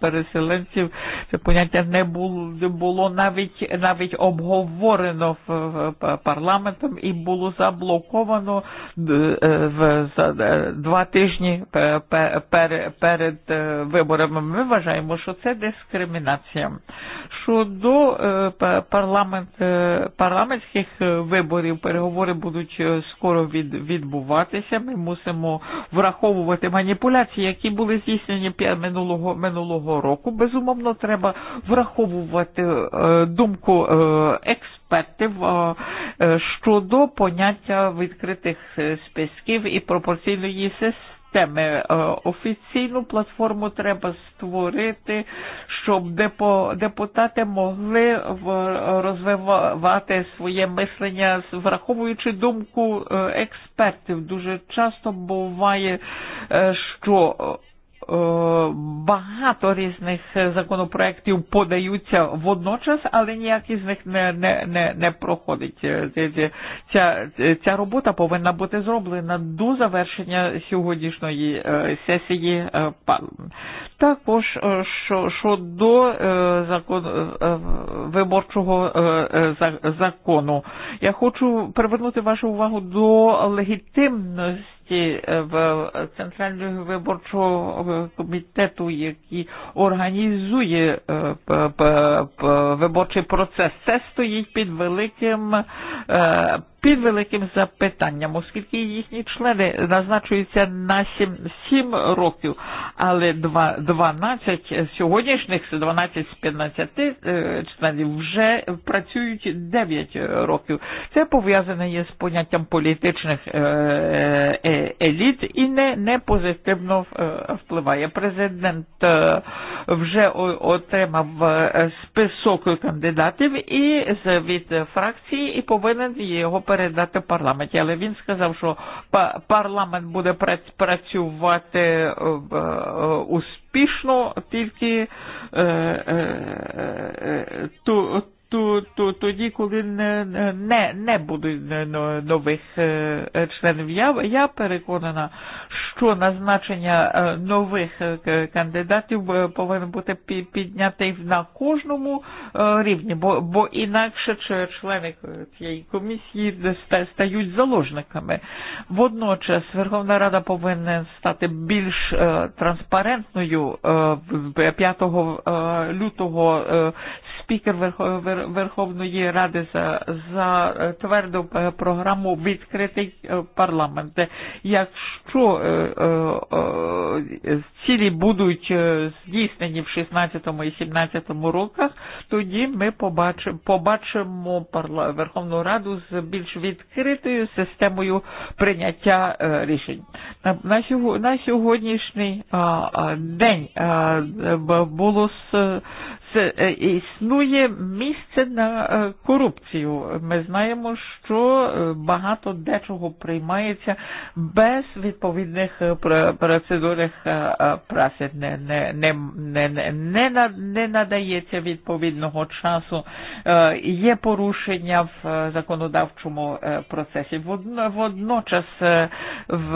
S2: переселенців. Це поняття не було, не було навіть навіть обговорено в парламентом і було заблоковано э, в э, два тижні э, перед виборами. Ми вважаємо, що це дискримінація. Щодо парламент, парламентських виборів переговори будуть скоро від, відбуватися. Ми мусимо враховувати маніпуляції, які були здійснені минулого, минулого року. Безумовно, треба враховувати думку експертів експертів щодо поняття відкритих списків і пропорційної системи теми офіційну платформу треба створити, щоб депутати могли розвивати своє мислення, враховуючи думку експертів. Дуже часто буває, що багато різних законопроєктів подаються водночас, але ніякі з них не, не, не, не проходить. Ця, ця робота повинна бути зроблена до завершення сьогоднішньої сесії Також щодо закон, виборчого закону, я хочу привернути вашу увагу до легітимності участі в Центрального виборчого комітету, який організує виборчий процес. Це стоїть під великим під великим запитанням, оскільки їхні члени назначуються на 7, 7 років, але 2, 12 сьогоднішніх 12 з 15 членів вже працюють 9 років. Це пов'язане є з поняттям політичних еліт і не, не позитивно впливає. Президент вже отримав список кандидатів і від фракції і повинен його передати в парламенті. Але він сказав, що парламент буде працювати успішно тільки ту тоді, коли не, не, не буде нових членів. Я, я переконана, що назначення нових кандидатів повинно бути піднятий на кожному рівні, бо, бо інакше члени цієї комісії стають заложниками. Водночас Верховна Рада повинна стати більш транспарентною 5 лютого спікер Верховної Ради за, за тверду програму відкритий парламент. Якщо цілі будуть здійснені в 16 і 17 роках, тоді ми побачимо, побачимо Верховну Раду з більш відкритою системою прийняття рішень. На, на сьогоднішній день було існує e, місце на корупцію. Ми знаємо, що багато дечого приймається без відповідних процедурних праці. Не, не, не, не, не, не надається відповідного часу. Є порушення в законодавчому процесі. Водночас в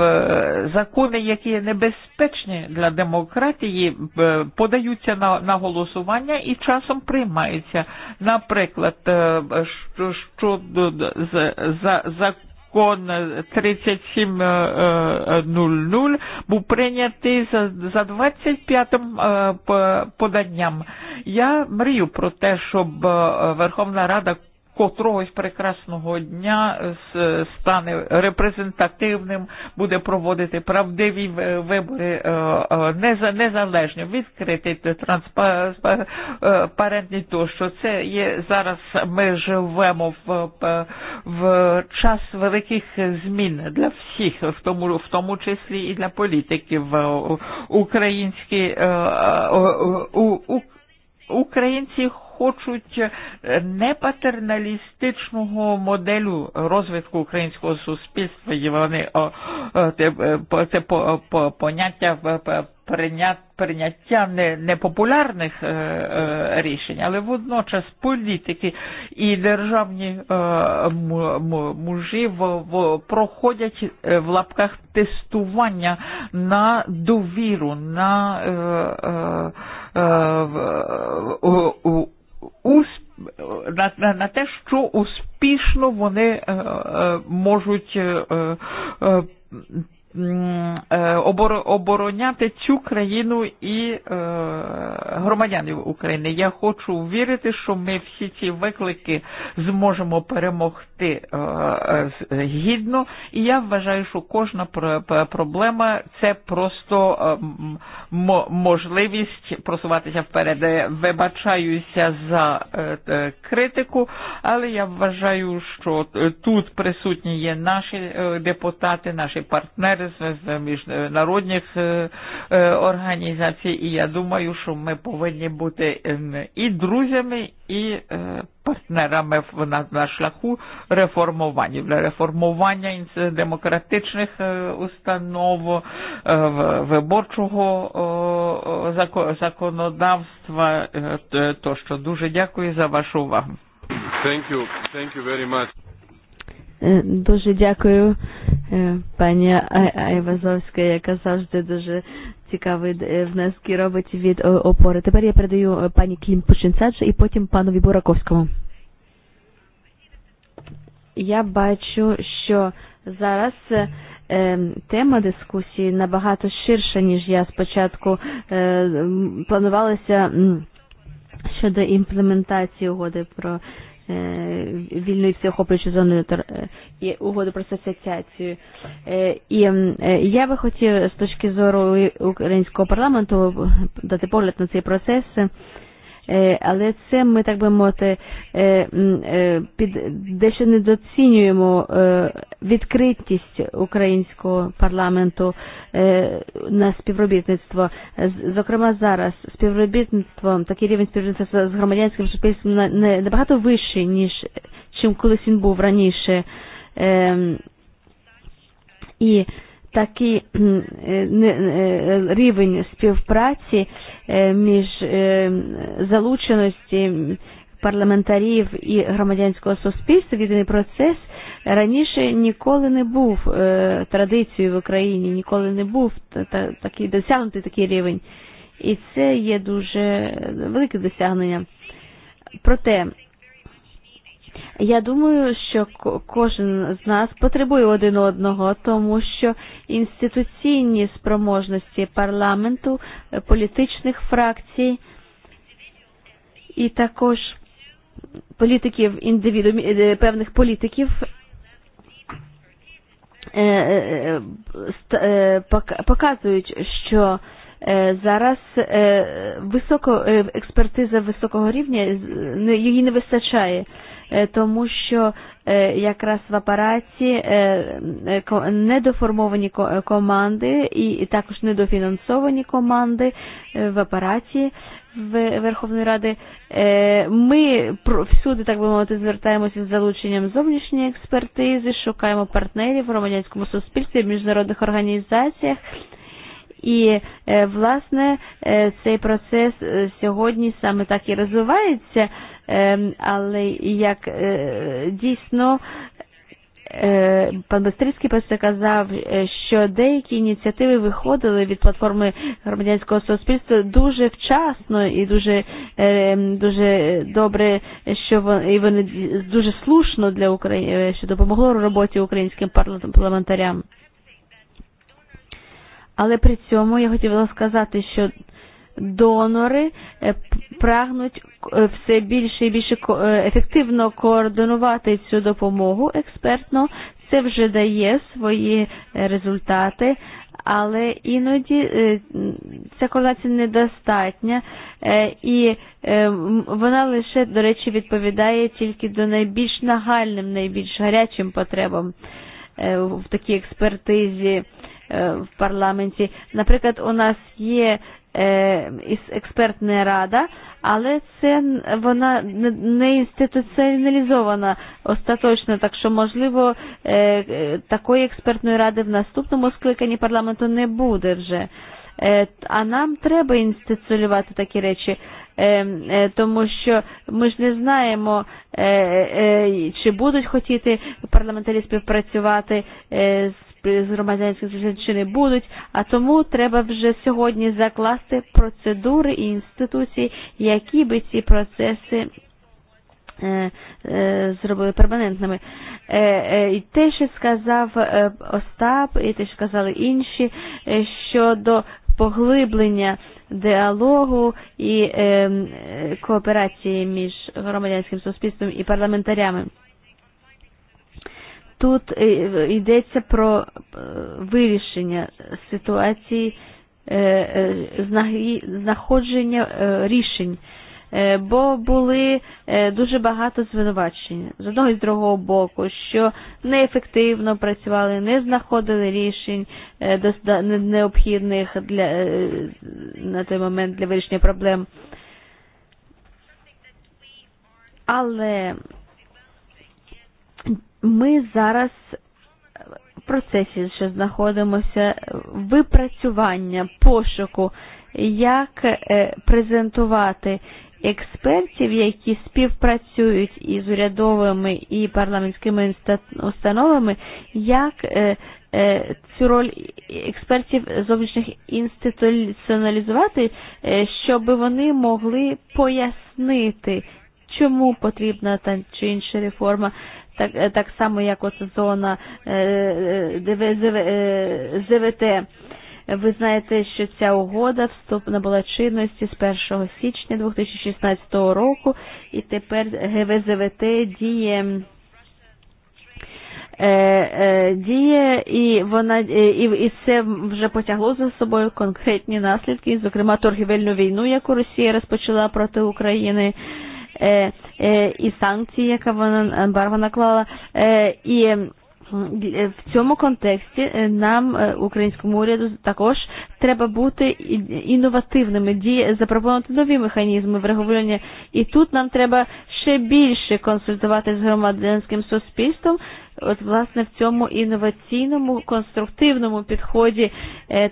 S2: закони, які небезпечні для демократії, подаються на, на голосування і часом приймається. Наприклад, що за закон закон 37.00 був прийнятий за, за 25-м поданням. Я мрію про те, щоб Верховна Рада котрогось прекрасного дня стане репрезентативним, буде проводити правдиві вибори незалежно, відкриті, транспарентні що Це є зараз ми живемо в, в час великих змін для всіх, в тому, в тому числі і для політиків українські у, у, Українці хочуть непатерналістичного моделю розвитку українського суспільства, і вони це по по поняття прийняття прийняття непопулярних не е, е, рішень, але водночас політики і державні е, мужі в, в, проходять в лапках тестування на довіру, на е, е, е, на, на, на те, що успішно вони е, е, можуть е, е, Э, обороняти цю країну і громадяни України. Я хочу вірити, що ми всі ці виклики зможемо перемогти гідно. І я вважаю, що кожна проблема це просто можливість просуватися вперед. Вибачаюся за критику, але я вважаю, що тут присутні є наші депутати, наші партнери незалежність між народних э, э, організацій. І я думаю, що ми повинні бути і друзями, і э, партнерами на, на шляху реформування, для реформування демократичних установ, виборчого законодавства. То що дуже дякую за вашу увагу. Thank you. Thank you very much.
S6: Дуже дякую Пані Айвазовська, яка завжди дуже цікаві внески робить від опори. Тепер я передаю пані Клім Пушинцадже і потім панові Бураковському. Я бачу, що зараз тема дискусії набагато ширша, ніж я спочатку планувалася щодо імплементації угоди про вільної всеохоплюючої зони угоди про асоціацію. І я би хотів з точки зору українського парламенту дати погляд на цей процес але це ми, так би мовити, дещо недоцінюємо відкритість українського парламенту на співробітництво. Зокрема, зараз співробітництво, такий рівень співробітництва з громадянським суспільством набагато вищий, ніж чим колись він був раніше. І такий рівень співпраці між залученості парламентарів і громадянського суспільства єдиний процес раніше ніколи не був традицією в Україні, ніколи не був такий досягнутий такий рівень. І це є дуже велике досягнення. Проте Я думаю, що кожен з нас потребує один одного, тому що інституційні спроможності парламенту, політичних фракцій і також політиків індивіду певних політиків показують, що зараз високо експертиза високого рівня її не вистачає тому що якраз в апараті недоформовані команди і також недофінансовані команди в апараті Верховної Ради. Ми всюди, так би мовити, звертаємося з залученням зовнішньої експертизи, шукаємо партнерів в громадянському суспільстві, в міжнародних організаціях. І власне цей процес сьогодні саме так і розвивається ale jak дійсно Пан Бестрицький сказав, що деякі ініціативи виходили від платформи громадянського суспільства дуже вчасно і дуже, дуже добре, що і вони дуже слушно для України, що допомогло роботі українським парламентарям. Але при цьому я хотіла сказати, що донори прагнуть все більше і більше ефективно координувати цю допомогу експертно. Це вже дає свої результати, але іноді ця координація недостатня і вона лише, до речі, відповідає тільки до найбільш нагальним, найбільш гарячим потребам в такій експертизі в парламенті. Наприклад, у нас є экспертная рада, але це вона не інституціоналізована остаточно, так що можливо такої експертної ради в наступному скликанні парламенту не буде вже. А нам треба інституціювати такі речі тому що ми ж не знаємо, чи будуть хотіти парламентарі співпрацювати з з громадянських не будуть, а тому треба вже сьогодні закласти процедури і інституції, які би ці процеси зробили перманентними. І те, що сказав Остап, і те, що сказали інші, щодо поглиблення діалогу і кооперації між громадянським суспільством і парламентарями. Тут йдеться э, про э, вирішення ситуації э, знаходження рішень, бо були дуже багато звинувачень з одного і з другого боку, що неефективно працювали, не знаходили рішень необхідних для, на той момент для вирішення проблем. Але Ми зараз в процесі ще знаходимося випрацювання, пошуку, як презентувати експертів, які співпрацюють із урядовими і парламентськими установами, як цю роль експертів зовнішніх інституціоналізувати, щоб вони могли пояснити, чому потрібна та чи інша реформа, так, так само як от зона ЗВТ. Ви знаєте, що ця угода вступ набула чинності з 1 січня 2016 року, і тепер ГВЗВТ діє діє і вона і, і це вже потягло за собою конкретні наслідки, зокрема торгівельну війну, яку Росія розпочала проти України і санкції, яка вона барва наклала, і в цьому контексті нам, українському уряду, також треба бути інновативними, дії, запропонувати нові механізми врегулювання. І тут нам треба ще більше консультувати з громадянським суспільством, от власне в цьому інноваційному конструктивному підході,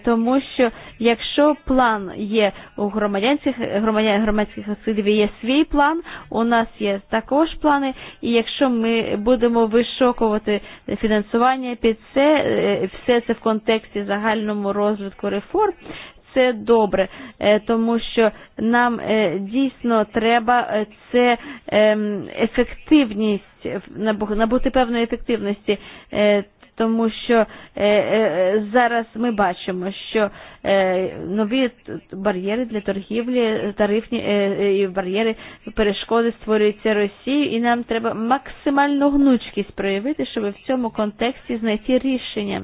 S6: тому що якщо план є у громадянських громадян громадських освітів є свій план, у нас є також плани, і якщо ми будемо вишокувати фінансування під це, все це в контексті загальному розвитку реформ, це добре, тому що нам дійсно треба це ефективність, набути певної ефективності тому що е, е, зараз ми бачимо, що е, нові бар'єри для торгівлі, тарифні е, і бар'єри перешкоди створюються Росією, і нам треба максимальну гнучкість проявити, щоб в цьому контексті знайти рішення.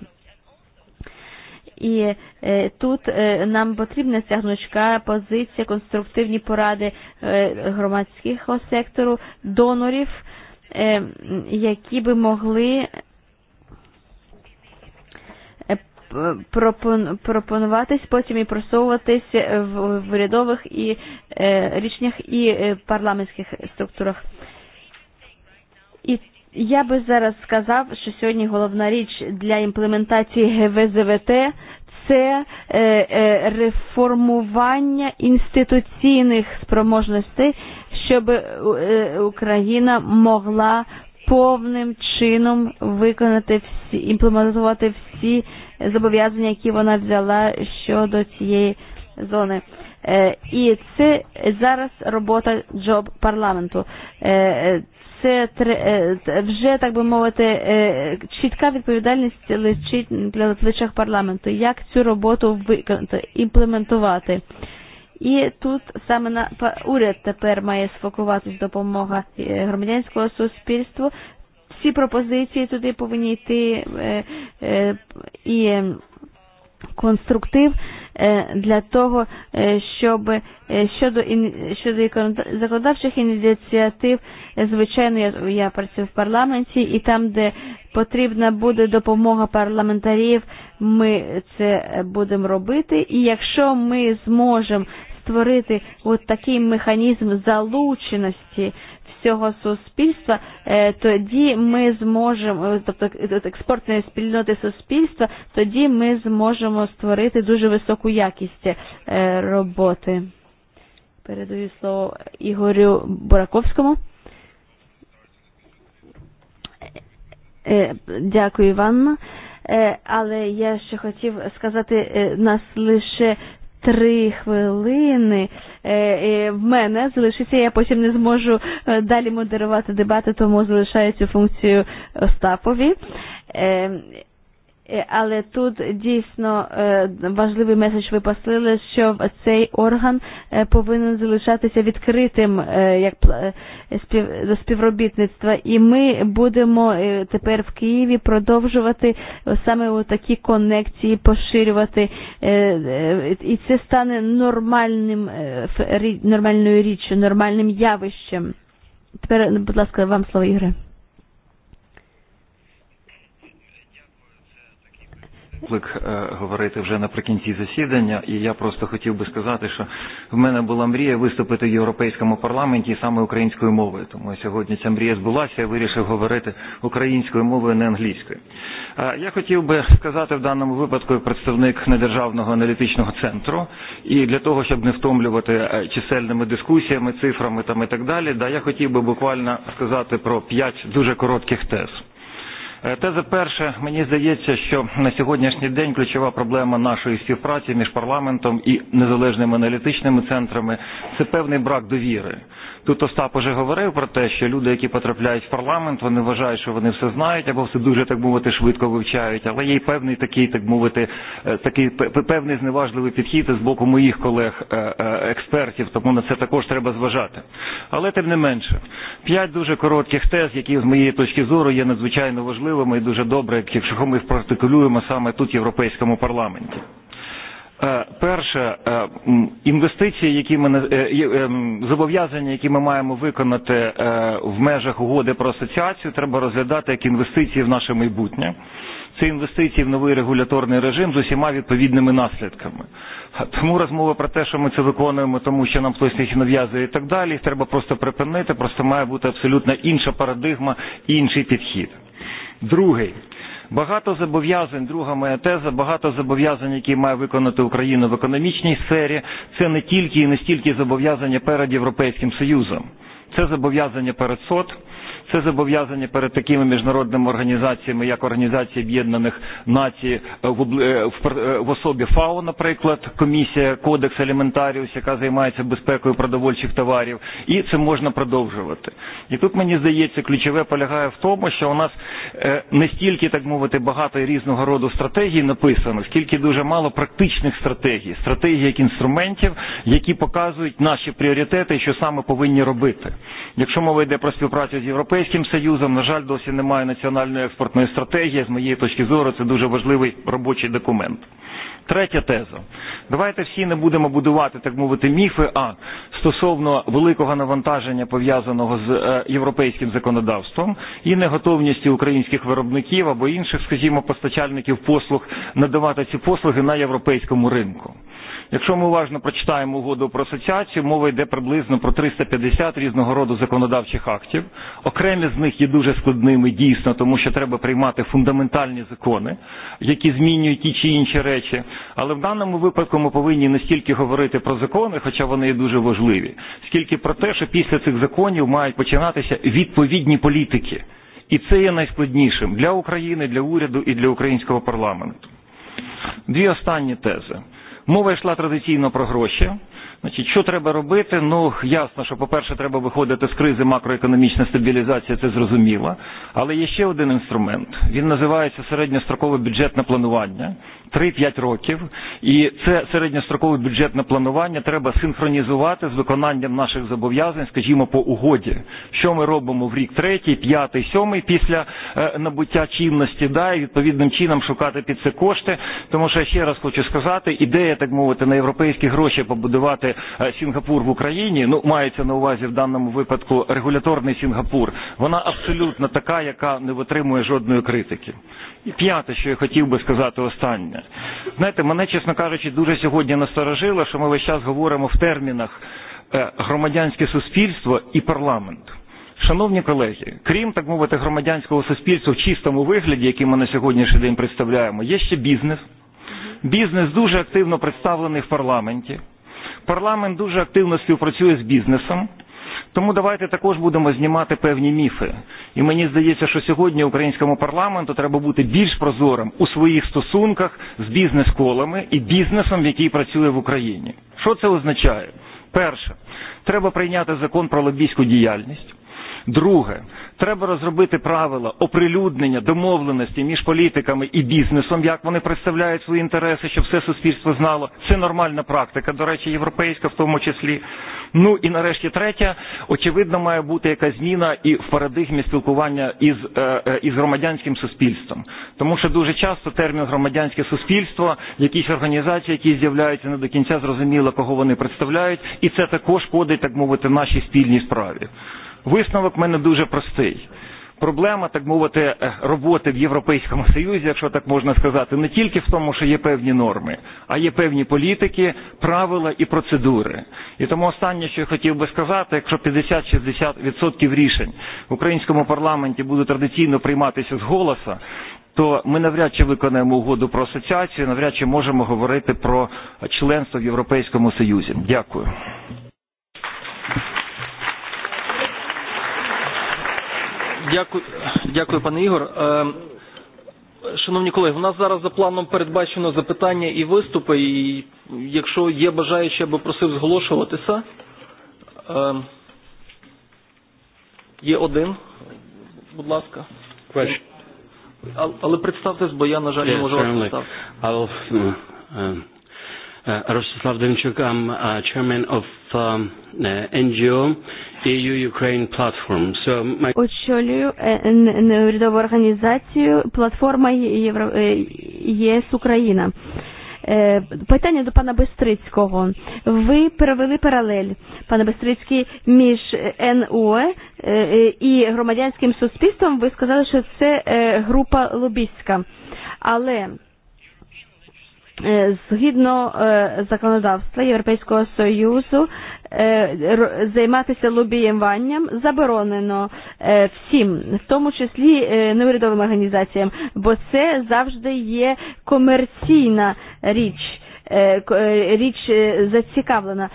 S6: І тут нам потрібно сягнучка позиція, конструктивні поради громадського сектору, донорів, які би могли пропонуватись потім і просовуватись в урядових і річнях і парламентських структурах. І Я би зараз сказав, що сьогодні головна річ для імплементації ГВЗВТ це реформування інституційних спроможностей, щоб Україна могла повним чином виконати всі, імплементувати всі зобов'язання, які вона взяла щодо цієї зони. І це зараз робота джоб парламенту се вже так би мовити чітка відповідальність лечить для плечах парламенту, як цю роботу виконати, імплементувати. І тут саме на уряд тепер має сфокуватись допомога громадянського суспільства. Всі пропозиції туди повинні йти і конструктив для eh, того, eh, щоб eh, щодо щодо законодавчих ініціатив, звичайно, я, я працюю в парламенті, і там, де потрібна буде допомога парламентарів, ми це будемо робити. І якщо ми зможемо створити от такий механізм залученості цього суспільства, тоді ми зможемо, тобто експортної спільноти суспільства, тоді ми зможемо створити дуже високу якість роботи. Передаю слово Ігорю Бураковському. Дякую, Іванна. Але я ще хотів сказати нас лише три хвилини. В мене залишиться, я потім не зможу далі модерувати дебати, тому залишаю цю функцію Остапові. Але тут дійсно важливий меседж ви послали, що цей орган повинен залишатися відкритим як до співробітництва. І ми будемо тепер в Києві продовжувати саме у такі конекції поширювати. І це стане нормальним, нормальною річчю, нормальним явищем. Тепер, будь ласка, вам слово Ігоре.
S8: Лик говорити вже наприкінці засідання, і я просто хотів би сказати, що в мене була мрія виступити в Європейському парламенті саме українською мовою. Тому сьогодні ця мрія збулася, я вирішив говорити українською мовою, не англійською. Я хотів би сказати в даному випадку представник недержавного аналітичного центру, і для того, щоб не втомлювати чисельними дискусіями, цифрами там і так далі, да, я хотів би буквально сказати про п'ять дуже коротких тез. Теза перша, мені здається, що на сьогоднішній день ключова проблема нашої співпраці між парламентом і незалежними аналітичними центрами це певний брак довіри. Тут Остап уже говорив про те, що люди, які потрапляють в парламент, вони вважають, що вони все знають, або все дуже, так мовити, швидко вивчають, але є й певний такий, так мовити, такий певний зневажливий підхід з боку моїх колег експертів, тому на це також треба зважати. Але тим не менше, п'ять дуже коротких тез, які з моєї точки зору є надзвичайно важливими і дуже добре, якщо ми їх протикулюємо саме тут, в Європейському парламенті. Перше, інвестиції, які ми зобов'язання, які ми маємо виконати в межах угоди про асоціацію, треба розглядати як інвестиції в наше майбутнє. Це інвестиції в новий регуляторний режим з усіма відповідними наслідками. Тому розмова про те, що ми це виконуємо, тому що нам хтось їх нав'язує і так далі, їх треба просто припинити, просто має бути абсолютно інша парадигма і інший підхід. Другий – Багато зобов'язань, друга моя теза, багато зобов'язань, які має виконати Україна в економічній сфері, це не тільки і не стільки зобов'язання перед Європейським Союзом. Це зобов'язання перед СОД. Це зобов'язання перед такими міжнародними організаціями, як Організація Об'єднаних Націй в в в особі ФАО, наприклад, комісія Кодекс Елементаріус, яка займається безпекою продовольчих товарів, і це можна продовжувати. І тут мені здається, ключове полягає в тому, що у нас не стільки, так мовити, багато різного роду стратегій написано, скільки дуже мало практичних стратегій, стратегій як інструментів, які показують наші пріоритети, і що саме повинні робити. Якщо мова йде про співпрацю з Європейською, Європейським Союзом, на жаль, досі немає національної експортної стратегії. З моєї точки зору, це дуже важливий робочий документ. Третя теза. Давайте всі не будемо будувати, так мовити, міфи а стосовно великого навантаження пов'язаного з європейським законодавством і неготовністю українських виробників або інших, скажімо, постачальників послуг надавати ці послуги на європейському ринку. Якщо ми уважно прочитаємо угоду про асоціацію, мова йде приблизно про 350 різного роду законодавчих актів. Окремі з них є дуже складними дійсно, тому що треба приймати фундаментальні закони, які змінюють ті чи інші речі. Але в даному випадку ми повинні не стільки говорити про закони, хоча вони є дуже важливі, скільки про те, що після цих законів мають починатися відповідні політики. І це є найскладнішим для України, для уряду і для українського парламенту. Дві останні тези. Мова йшла традиційно про гроші. Значить, що треба робити? Ну, ясно, що, по-перше, треба виходити з кризи макроекономічна стабілізація, це зрозуміло. Але є ще один інструмент. Він називається середньострокове бюджетне планування. 3-5 років. І це середньострокове бюджетне планування треба синхронізувати з виконанням наших зобов'язань, скажімо, по угоді. Що ми робимо в рік 3, 5, 7 після набуття чинності, да, і відповідним чином шукати під це кошти. Тому що, ще раз хочу сказати, ідея, так мовити, на європейські гроші побудувати сказати Сінгапур в Україні, ну мається на увазі в даному випадку регуляторний Сінгапур, вона абсолютно така, яка не витримує жодної критики. І п'яте, що я хотів би сказати останнє. Знаєте, мене, чесно кажучи, дуже сьогодні насторожило, що ми весь час говоримо в термінах громадянське суспільство і парламент. Шановні колеги, крім, так мовити, громадянського суспільства в чистому вигляді, який ми на сьогоднішній день представляємо, є ще бізнес. Бізнес дуже активно представлений в парламенті. Парламент дуже активно співпрацює з бізнесом. Тому давайте також будемо знімати певні міфи. І мені здається, що сьогодні українському парламенту треба бути більш прозорим у своїх стосунках з бізнес-колами і бізнесом, який працює в Україні. Що це означає? Перше, треба прийняти закон про лобійську діяльність. Друге, треба розробити правила оприлюднення домовленості між політиками і бізнесом, як вони представляють свої інтереси, щоб все суспільство знало. Це нормальна практика, до речі, європейська в тому числі. Ну і нарешті третє, очевидно, має бути якась зміна і в парадигмі спілкування із, із громадянським суспільством. Тому що дуже часто термін громадянське суспільство, якісь організації, які з'являються не до кінця зрозуміло, кого вони представляють, і це також ходить, так мовити, в нашій спільній справі. Висновок в мене дуже простий. Проблема, так мовити, роботи в Європейському Союзі, якщо так можна сказати, не тільки в тому, що є певні норми, а є певні політики, правила і процедури. І тому останнє, що я хотів би сказати, якщо 50-60% рішень в українському парламенті будуть традиційно прийматися з голоса, то ми навряд чи виконаємо угоду про асоціацію, навряд чи можемо говорити про членство в Європейському Союзі. Дякую.
S3: Дякую, дякую, пане Ігор. Шановні колеги, у нас зараз за планом передбачено запитання і виступи, і якщо є бажаючі, я би просив зголошуватися. Є один, будь ласка. Але представтесь, бо я, на жаль,
S1: не можу вас представити. Uh, um, uh, Rostislav Demchuk, I'm uh, chairman of um, uh, NGO EU-Ukraine platform. So
S4: my...
S6: Очолю э, неурядову організацію платформа Євро... ЄС э, Україна. Э, питання до пана Бестрицького. Ви провели паралель, пане Бестрицький, між НУ і громадянським суспільством. Ви сказали, що це група лобістська. Але згідно законодавства Європейського Союзу займатися лобіюванням заборонено всім, в тому числі неурядовим організаціям, бо це завжди є комерційна річ річ зацікавлена.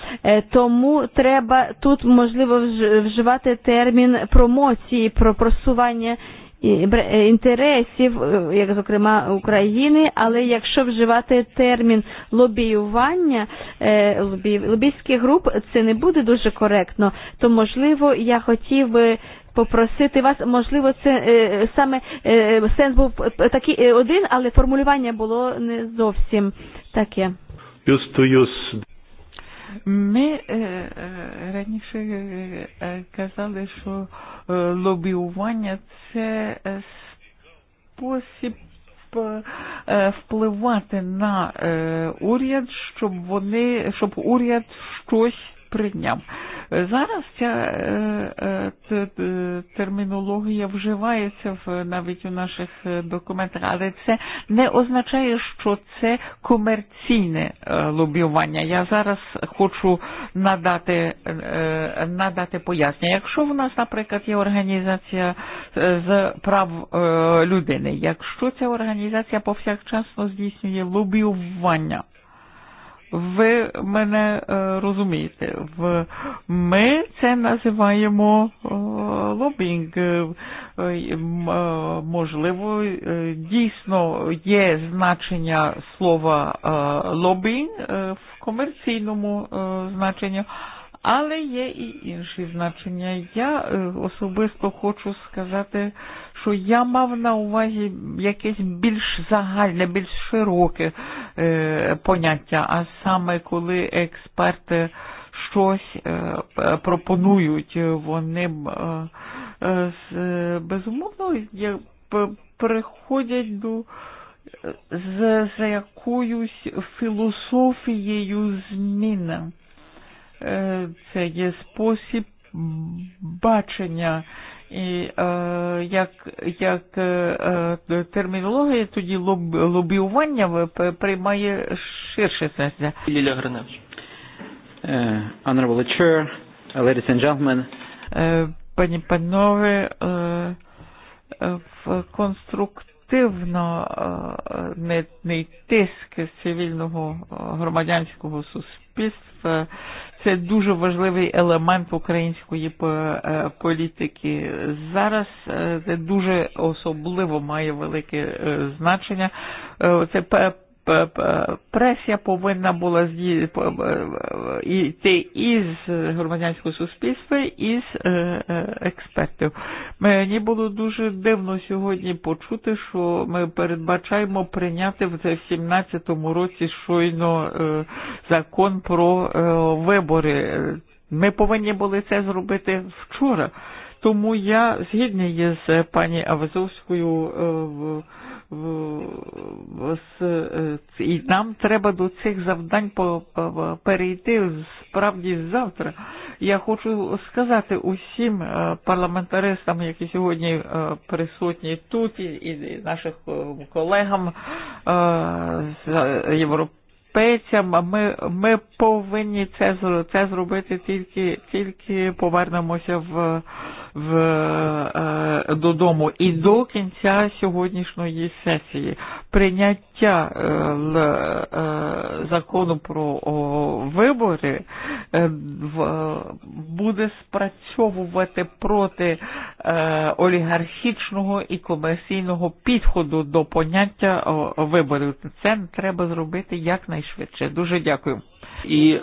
S6: Тому треба тут можливо вживати термін промоції, про просування інтересів як зокрема України, але якщо вживати термін лобіювання лобійських груп, це не буде дуже коректно. То можливо я хотів би попросити вас, можливо, це саме сенс був такий один, але формулювання було не зовсім таке.
S5: Just to use
S2: Ми раніше казали, що лобіювання це спосіб впливати на уряд, щоб вони, щоб уряд щось прийняв. Зараз ця термінологія вживається в навіть у наших документах, але це не означає, що це комерційне лобіювання. Я зараз хочу надати, надати пояснення. Якщо в нас, наприклад, є організація з прав людини, якщо ця організація повсякчасно здійснює лобіювання ви мене розумієте. Ми це називаємо лобінг. Можливо, дійсно є значення слова лобінг в комерційному значенні. Але є і інші значення. Я особисто хочу сказати, що я мав на увазі якесь більш загальне, більш широке е, поняття, а саме коли експерти щось е, пропонують, вони е, е, безумовно є, приходять до з, за якоюсь філософією змін. Це є спосіб бачення І як, як термінологія тоді лоб, лобіювання приймає ширше сенсі. Лілія Гриневич. honorable Chair, ladies and gentlemen. пані панове, в конструктивно не тиск цивільного громадянського суспільства Це дуже важливий елемент української політики зараз. Це дуже особливо має велике значення. Це Пресія повинна була йти із громадянського суспільства, із експертів. Мені було дуже дивно сьогодні почути, що ми передбачаємо прийняти в 2017 році щойно закон про вибори. Ми повинні були це зробити вчора. Тому я згідний з пані Авазовською в і э, нам треба до цих завдань по перейти справді завтра. Я хочу сказати усім парламентаристам, які сьогодні присутні тут, і наших колегам з Європи ми, ми повинні це, це зробити тільки, тільки повернемося в в, додому э, і до кінця сьогоднішньої сесії. Прийняття э, э, закону про о, вибори в, буде спрацьовувати проти олігархічного і комерційного підходу до поняття о, виборів. Це треба зробити якнайшвидше. Дуже дякую. І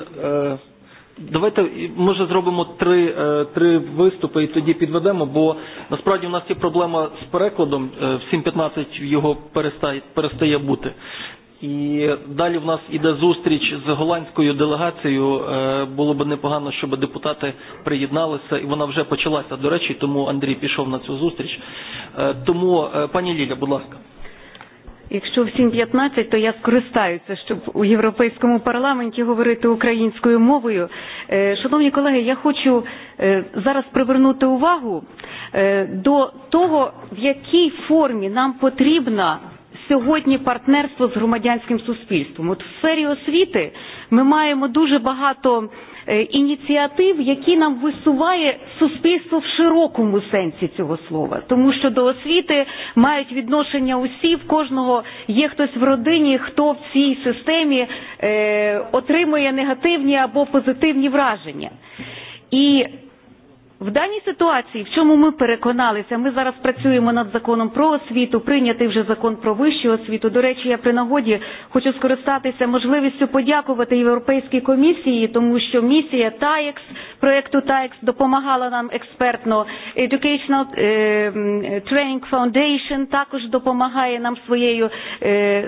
S3: Давайте може зробимо три три виступи і тоді підведемо, бо насправді в нас є проблема з перекладом. В 7.15 його перестає перестає бути. І далі в нас іде зустріч з голландською делегацією. Було б непогано, щоб депутати приєдналися, і вона вже почалася, до речі, тому Андрій пішов на цю зустріч. Тому, пані Ліля, будь ласка.
S9: Якщо всім 15, то я скористаюся, щоб у Європейському парламенті говорити українською мовою. Шановні колеги, я хочу зараз привернути увагу до того, в якій формі нам потрібна сьогодні партнерство з громадянським суспільством. От в сфері освіти ми маємо дуже багато ініціатив, які нам висуває суспільство в широкому сенсі цього слова, тому що до освіти мають відношення усі, в кожного є хтось в родині, хто в цій системі е, отримує негативні або позитивні враження. І В даній ситуації, в чому ми переконалися, ми зараз працюємо над законом про освіту, прийнятий вже закон про вищу освіту. До речі, я при нагоді хочу скористатися можливістю подякувати Європейській комісії, тому що місія ТАЕКС, проєкту ТАЕКС допомагала нам експертно. Educational Training Foundation також допомагає нам своєю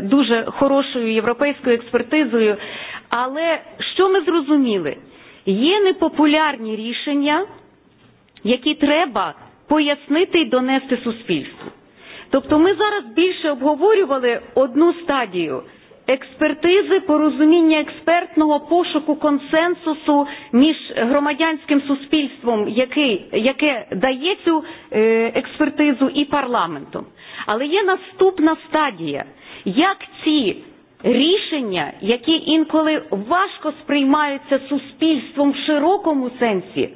S9: дуже хорошою європейською експертизою. Але що ми зрозуміли? Є непопулярні рішення, які треба пояснити і донести суспільству. Тобто ми зараз більше обговорювали одну стадію експертизи, порозуміння експертного пошуку консенсусу між громадянським суспільством, який, яке дає цю експертизу і парламентом. Але є наступна стадія, як ці рішення, які інколи важко сприймаються суспільством в широкому сенсі,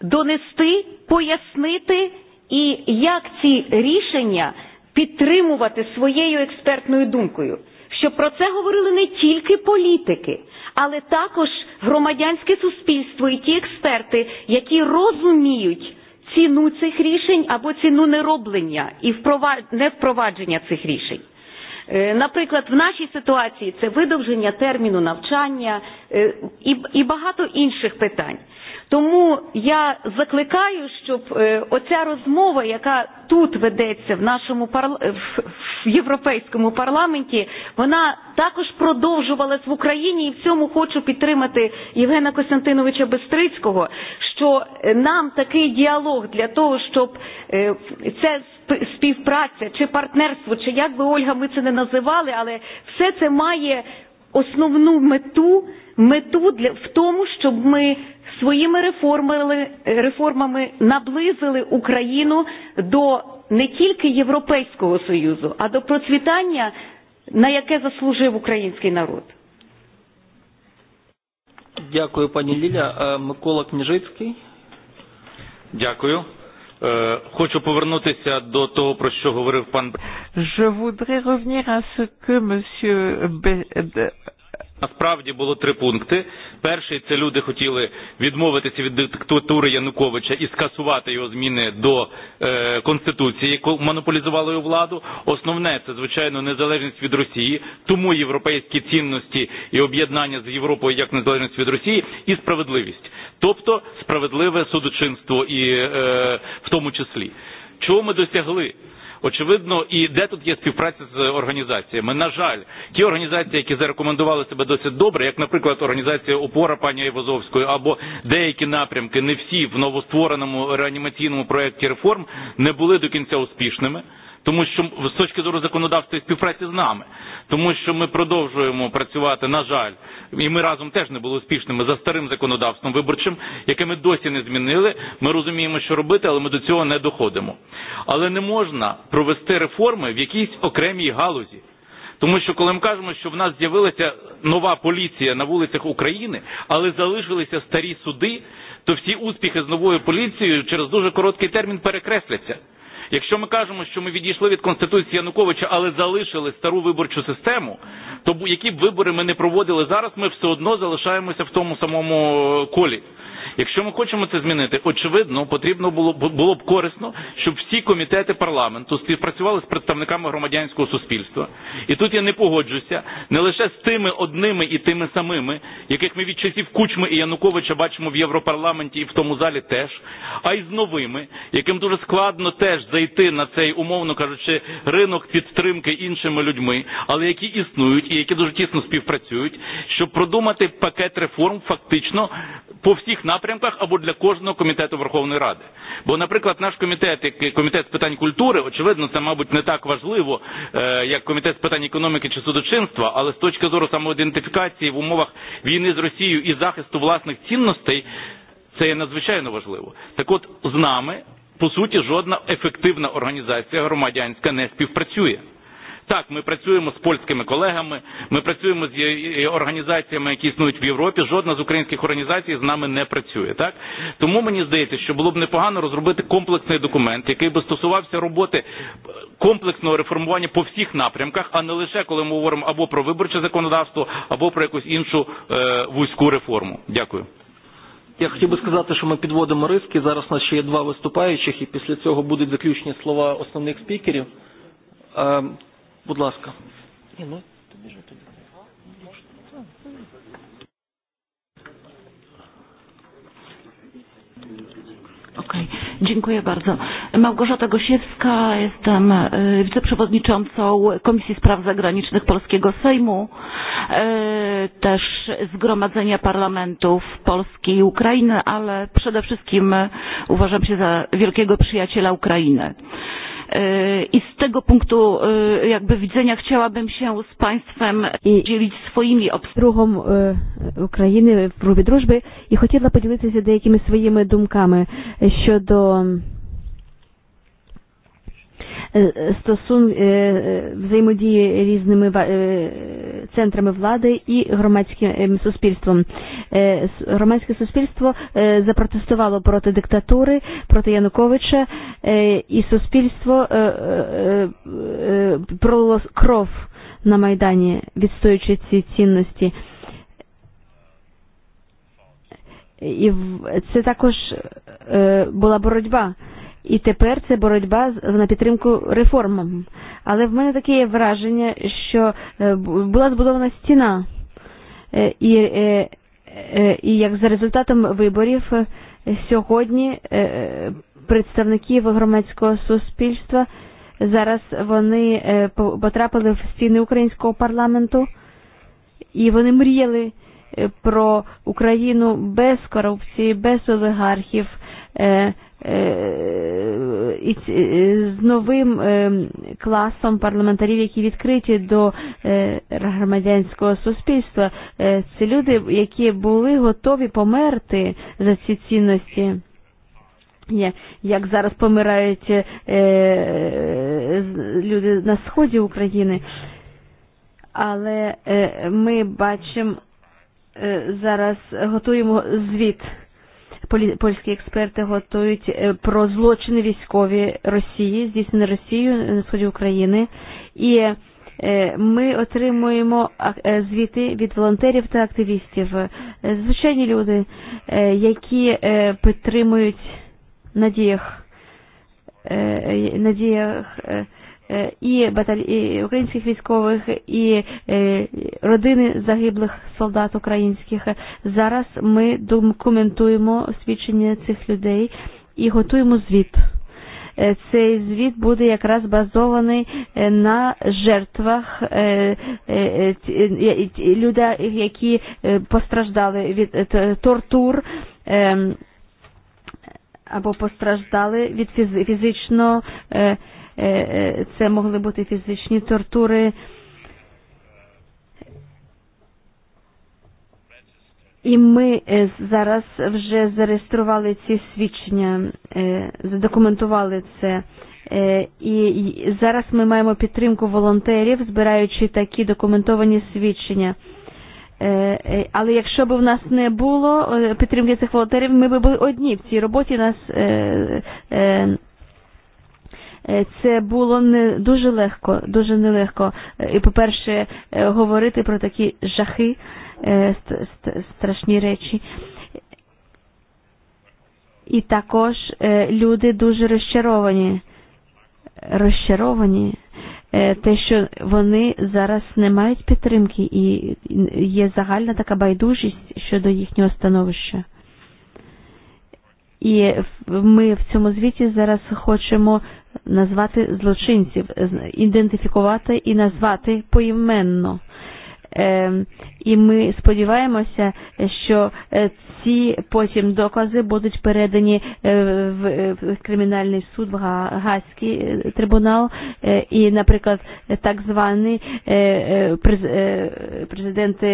S9: донести, пояснити і як ці рішення підтримувати своєю експертною думкою. Щоб про це говорили не тільки політики, але також громадянське суспільство і ті експерти, які розуміють ціну цих рішень або ціну нероблення і впровад... невпровадження цих рішень. Наприклад, в нашій ситуації це видовження терміну навчання і багато інших питань. Тому я закликаю, щоб оця розмова, яка тут ведеться в нашому парл... в європейському парламенті, вона також продовжувалась в Україні, і в цьому хочу підтримати Євгена Костянтиновича Бестрицького, що нам такий діалог для того, щоб це співпраця чи партнерство, чи як би Ольга ми це не називали, але все це має основну мету, мету для, в тому, щоб ми своїми реформами, реформами наблизили Україну до не тільки Європейського Союзу, а до процвітання, на яке заслужив український народ.
S3: Дякую, пані Ліля. Микола Княжицький.
S5: Дякую. Хочу повернутися до того, про що говорив пан.
S2: Je voudrais revenir à ce que monsieur
S5: Насправді було три пункти. Перший це люди хотіли відмовитися від диктатури Януковича і скасувати його зміни до е, конституції, яку монополізували його владу. Основне це звичайно незалежність від Росії, тому європейські цінності і об'єднання з Європою як незалежність від Росії і справедливість, тобто справедливе судочинство і е, в тому числі. Чого ми досягли? очевидно, і де тут є співпраця з організаціями. На жаль, ті організації, які зарекомендували себе досить добре, як, наприклад, організація Опора пані Айвазовської, або деякі напрямки, не всі в новоствореному реанімаційному проєкті реформ, не були до кінця успішними тому що з точки зору законодавства і співпраці з нами, тому що ми продовжуємо працювати, на жаль, і ми разом теж не були успішними за старим законодавством виборчим, яке ми досі не змінили. Ми розуміємо, що робити, але ми до цього не доходимо. Але не можна провести реформи в якійсь окремій галузі. Тому що коли ми кажемо, що в нас з'явилася нова поліція на вулицях України, але залишилися старі суди, то всі успіхи з новою поліцією через дуже короткий термін перекресляться. Якщо ми кажемо, що ми відійшли від Конституції Януковича, але залишили стару виборчу систему, то які б вибори ми не проводили зараз, ми все одно залишаємося в тому самому колі. Якщо ми хочемо це змінити, очевидно, потрібно було було б корисно, щоб всі комітети парламенту співпрацювали з представниками громадянського суспільства. І тут я не погоджуся не лише з тими одними і тими самими, яких ми від часів Кучми і Януковича бачимо в Європарламенті і в тому залі теж, а й з новими, яким дуже складно теж зайти на цей, умовно кажучи, ринок підтримки іншими людьми, але які існують і які дуже тісно співпрацюють, щоб продумати пакет реформ фактично по всіх напрямках напрямках або для кожного комітету Верховної Ради. Бо, наприклад, наш комітет, як комітет з питань культури, очевидно, це, мабуть, не так важливо, як комітет з питань економіки чи судочинства, але з точки зору самоідентифікації в умовах війни з Росією і захисту власних цінностей, це є надзвичайно важливо. Так от, з нами, по суті, жодна ефективна організація громадянська не співпрацює. Так, ми працюємо з польськими колегами, ми працюємо з організаціями, які існують в Європі. Жодна з українських організацій з нами не працює. Так? Тому мені здається, що було б непогано розробити комплексний документ, який би стосувався роботи комплексного реформування по всіх напрямках, а не лише коли ми говоримо або про виборче законодавство, або про якусь іншу е, вузьку реформу. Дякую.
S3: Я хотів би сказати, що ми підводимо риски. Зараз у нас ще є два виступаючих, і після цього будуть заключні слова основних спікерів. Будь ласка.
S7: okay. dziękuję bardzo. Małgorzata Gosiewska, jestem e, wiceprzewodniczącą Komisji Spraw
S6: Zagranicznych Polskiego Sejmu, e, też Zgromadzenia Parlamentów
S7: Polski i Ukrainy, ale przede wszystkim uważam się za wielkiego przyjaciela Ukrainy. E, i z tego punktu e, jakby widzenia
S6: chciałabym się z Państwem dzielić swoimi obserwacjami. України в Рубі Дружби і хотіла поділитися деякими своїми думками щодо стосун взаємодії різними центрами влади і громадським суспільством. Громадське суспільство запротестувало проти диктатури, проти Януковича, і суспільство пролило кров на Майдані, відстоюючи ці цінності. І це також була боротьба І тепер це боротьба на підтримку реформам. Але в мене таке є враження, що була збудована стіна, і, і як за результатом виборів сьогодні представників громадського суспільства зараз вони потрапили в стіни українського парламенту, і вони мріяли про Україну без корупції, без олігархів з новим класом парламентарів, які відкриті до громадянського суспільства. Це люди, які були готові померти за ці цінності як зараз помирають е, люди на сході України. Але е, ми бачимо е, зараз готуємо звіт польські експерти готують э, про злочини військові Росії, здійснені Росією на э, сході України. І э, ми отримуємо звіти від волонтерів та активістів, звичайні люди, які підтримують надіях, надіях і баталь... українських військових, і родини загиблих солдат українських. Зараз ми документуємо свідчення цих людей і готуємо звіт. Цей звіт буде якраз базований на жертвах людей, які постраждали від тортур або постраждали від фізичного це могли бути фізичні тортури. І ми зараз вже зареєстрували ці свідчення, задокументували це. І зараз ми маємо підтримку волонтерів, збираючи такі документовані свідчення. Але якщо б в нас не було підтримки цих волонтерів, ми б були одні в цій роботі нас Це було не дуже легко, дуже нелегко. І, по-перше, говорити про такі жахи, страшні речі. І також люди дуже розчаровані. Розчаровані те, що вони зараз не мають підтримки і є загальна така байдужість щодо їхнього становища. І ми в цьому звіті зараз хочемо назвати злочинців, ідентифікувати і назвати поіменно. І ми сподіваємося, що ці потім докази будуть передані в кримінальний суд, в Гаський трибунал. І, наприклад, так звані президенти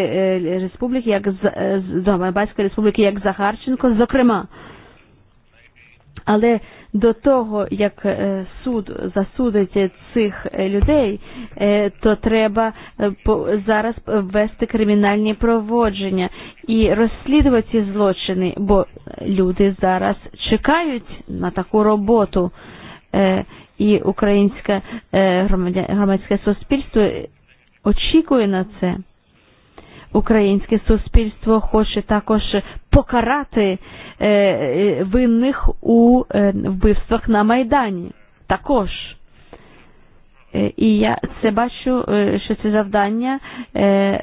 S6: республіки, як Донбаської республіки, як Захарченко, зокрема Але до того, як суд засудить цих людей, то треба зараз ввести кримінальні проводження і розслідувати ці злочини, бо люди зараз чекають на таку роботу. І українське громадянське суспільство очікує на це українське суспільство хоче також покарати винних у вбивствах на Майдані. Також. І я це бачу, що це завдання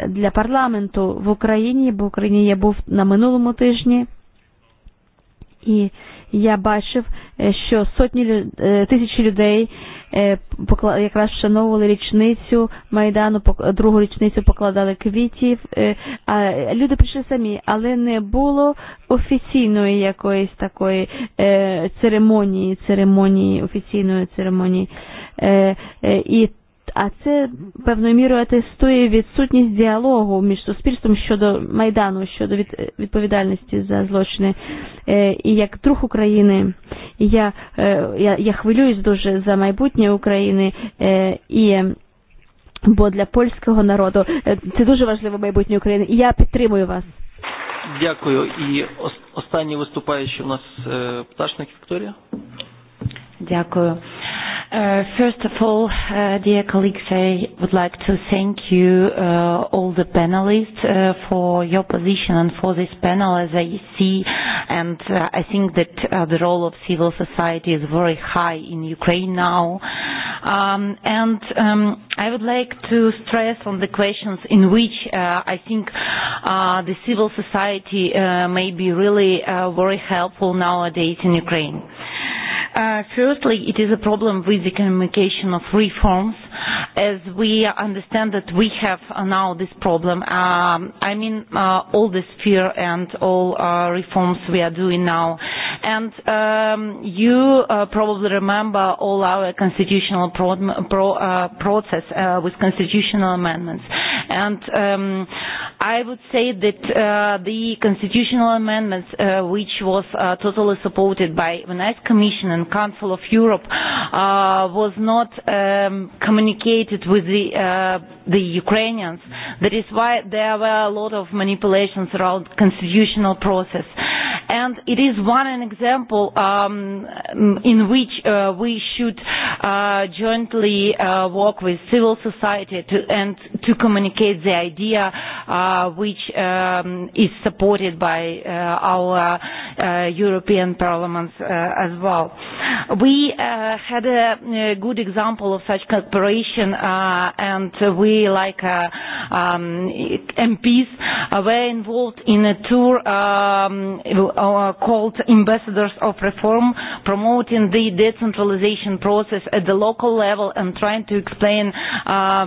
S6: для парламенту в Україні, бо в Україні я був на минулому тижні. І я бачив, що сотні тисячі людей якраз вшановували річницю Майдану, другу річницю покладали квітів. А Люди прийшли самі, але не було офіційної якоїсь такої церемонії, церемонії, офіційної церемонії. І а це певною мірою атестує відсутність діалогу між суспільством щодо майдану, щодо відповідальності за злочини. І як друг України Я, я, я хвилююсь дуже за майбутнє України і бо для польського народу це дуже важливо майбутнє України. І я підтримую вас.
S3: Дякую. І останній виступаючий у нас Пташник Вікторія.
S7: Дякую. Uh, first of all, uh, dear colleagues, I would like to thank you, uh, all the panelists, uh, for your position and for this panel as I see. And uh, I think that uh, the role of civil society is very high in Ukraine now. Um, and um, I would like to stress on the questions in which uh, I think uh, the civil society uh, may be really uh, very helpful nowadays in Ukraine. Uh, firstly, it is a problem with the communication of reforms, as we understand that we have uh, now this problem. Um, I mean, uh, all the sphere and all uh, reforms we are doing now. And um, you uh, probably remember all our constitutional pro pro uh, process uh, with constitutional amendments. And um, I would say that uh, the constitutional amendments, uh, which was uh, totally supported by the Venice Commission and Council of Europe, uh, was not um, communicated with the, uh, the Ukrainians. That is why there were a lot of manipulations around constitutional process. Uh, and it is one an example um, in which uh, we should uh, jointly uh, work with civil society to, and to communicate the idea uh, which um, is supported by uh, our uh, European parliaments uh, as well. We uh, had a, a good example of such cooperation uh, and we like uh, um, MPs uh, were involved in a tour um, uh, called Ambassadors of Reform, promoting the decentralization process at the local level and trying to explain uh,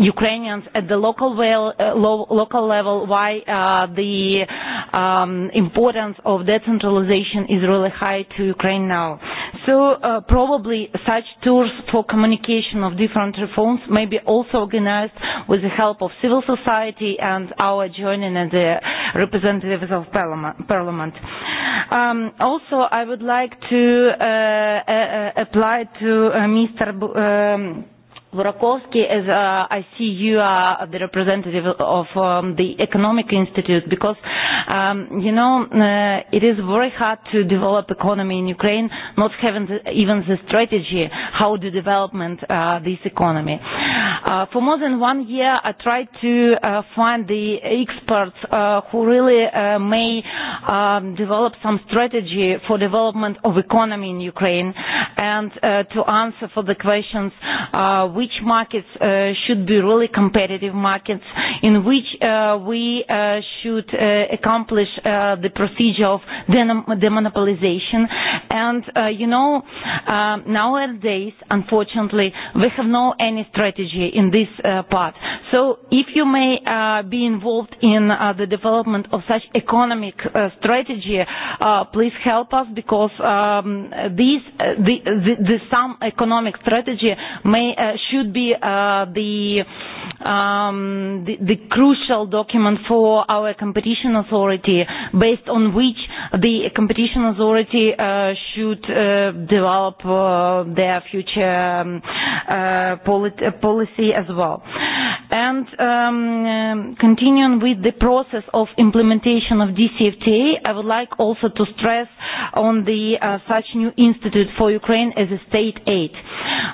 S7: Ukrainians at the local, well, uh, lo local level why uh, the um, importance of decentralization is really high to Ukraine now. So uh, probably such tours for communication of different reforms may be also organized with the help of civil society and our joining as the representatives of parliament. Um, also, I would like to uh, uh, uh apply to uh, Mr. B um, Vorokovsky, as uh, I see you are the representative of um, the Economic Institute, because, um, you know, uh, it is very hard to develop economy in Ukraine, not having the, even the strategy how to develop uh, this economy. Uh, for more than one year, I tried to uh, find the experts uh, who really uh, may um, develop some strategy for development of economy in Ukraine and uh, to answer for the questions uh, we which markets uh, should be really competitive markets, in which uh, we uh, should uh, accomplish uh, the procedure of demonopolization. And, uh, you know, uh, nowadays, unfortunately, we have no any strategy in this uh, part. So if you may uh, be involved in uh, the development of such economic uh, strategy, uh, please help us because um, these, uh, the, the, the some economic strategy may uh, should be uh, the um, the, the crucial document for our competition authority based on which the competition authority uh, should uh, develop uh, their future um, uh, polit uh, policy as well. And um, um, continuing with the process of implementation of DCFTA, I would like also to stress on the uh, such new institute for Ukraine as a state aid.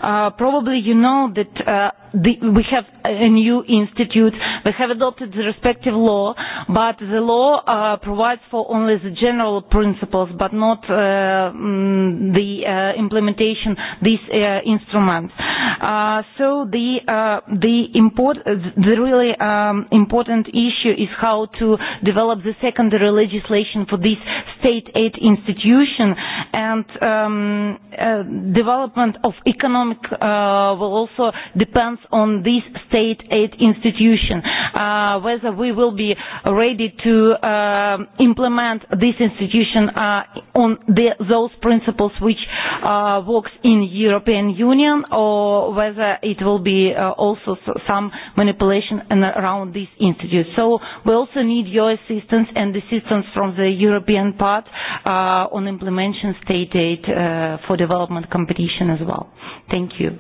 S7: Uh, probably you know that uh, the, we have a new institute, we have adopted the respective law, but the law uh, provides for only the general principles, but not uh, mm, the uh, implementation these uh, instruments. Uh, so the uh, the import uh, the really um, important issue is how to develop the secondary legislation for this state aid institution and um, uh, development of economic uh, will also depend demands on this state aid institution, uh, whether we will be ready to uh, implement this institution uh, on the, those principles which uh, works in European Union or whether it will be uh, also some manipulation around this institute. So we also need your assistance and assistance from the European part uh, on implementation state aid uh, for development competition as well. Thank you.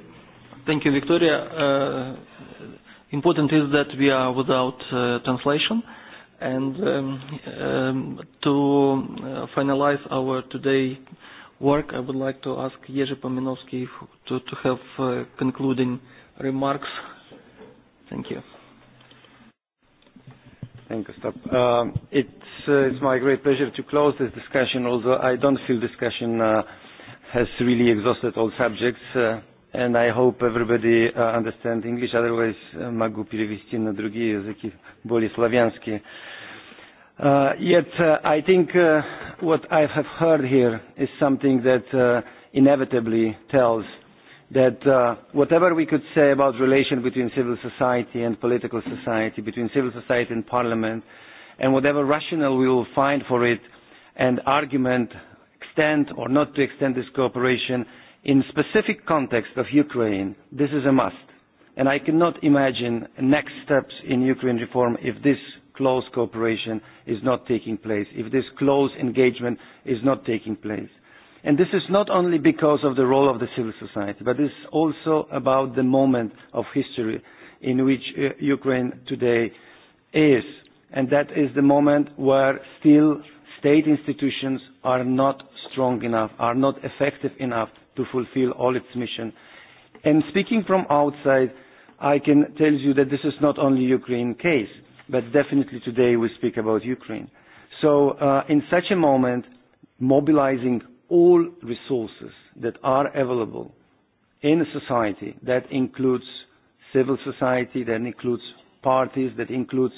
S3: Thank you, Victoria. Uh, important is that we are without uh, translation. And um, um, to uh, finalize our today work, I would like to ask Jerzy Pominowski to, to have uh, concluding remarks. Thank
S4: you. Thank you, Stop. Um, it's, uh, it's my great pleasure to close this discussion, although I don't feel discussion uh, has really exhausted all subjects. Uh, and I hope everybody uh, understands English, otherwise uh, Magu могу перевести на другие языки, более славянские. Uh, yet uh, I think uh, what I have heard here is something that uh, inevitably tells that uh, whatever we could say about relation between civil society and political society, between civil society and parliament, and whatever rationale we will find for it and argument extend or not to extend this cooperation, In specific context of Ukraine, this is a must, and I cannot imagine next steps in Ukraine reform if this close cooperation is not taking place, if this close engagement is not taking place. And this is not only because of the role of the civil society, but it's also about the moment of history in which uh, Ukraine today is. And that is the moment where still state institutions are not strong enough, are not effective enough to fulfill all its mission. And speaking from outside, I can tell you that this is not only Ukraine case, but definitely today we speak about Ukraine. So uh, in such a moment, mobilizing all resources that are available in a society that includes civil society, that includes parties, that includes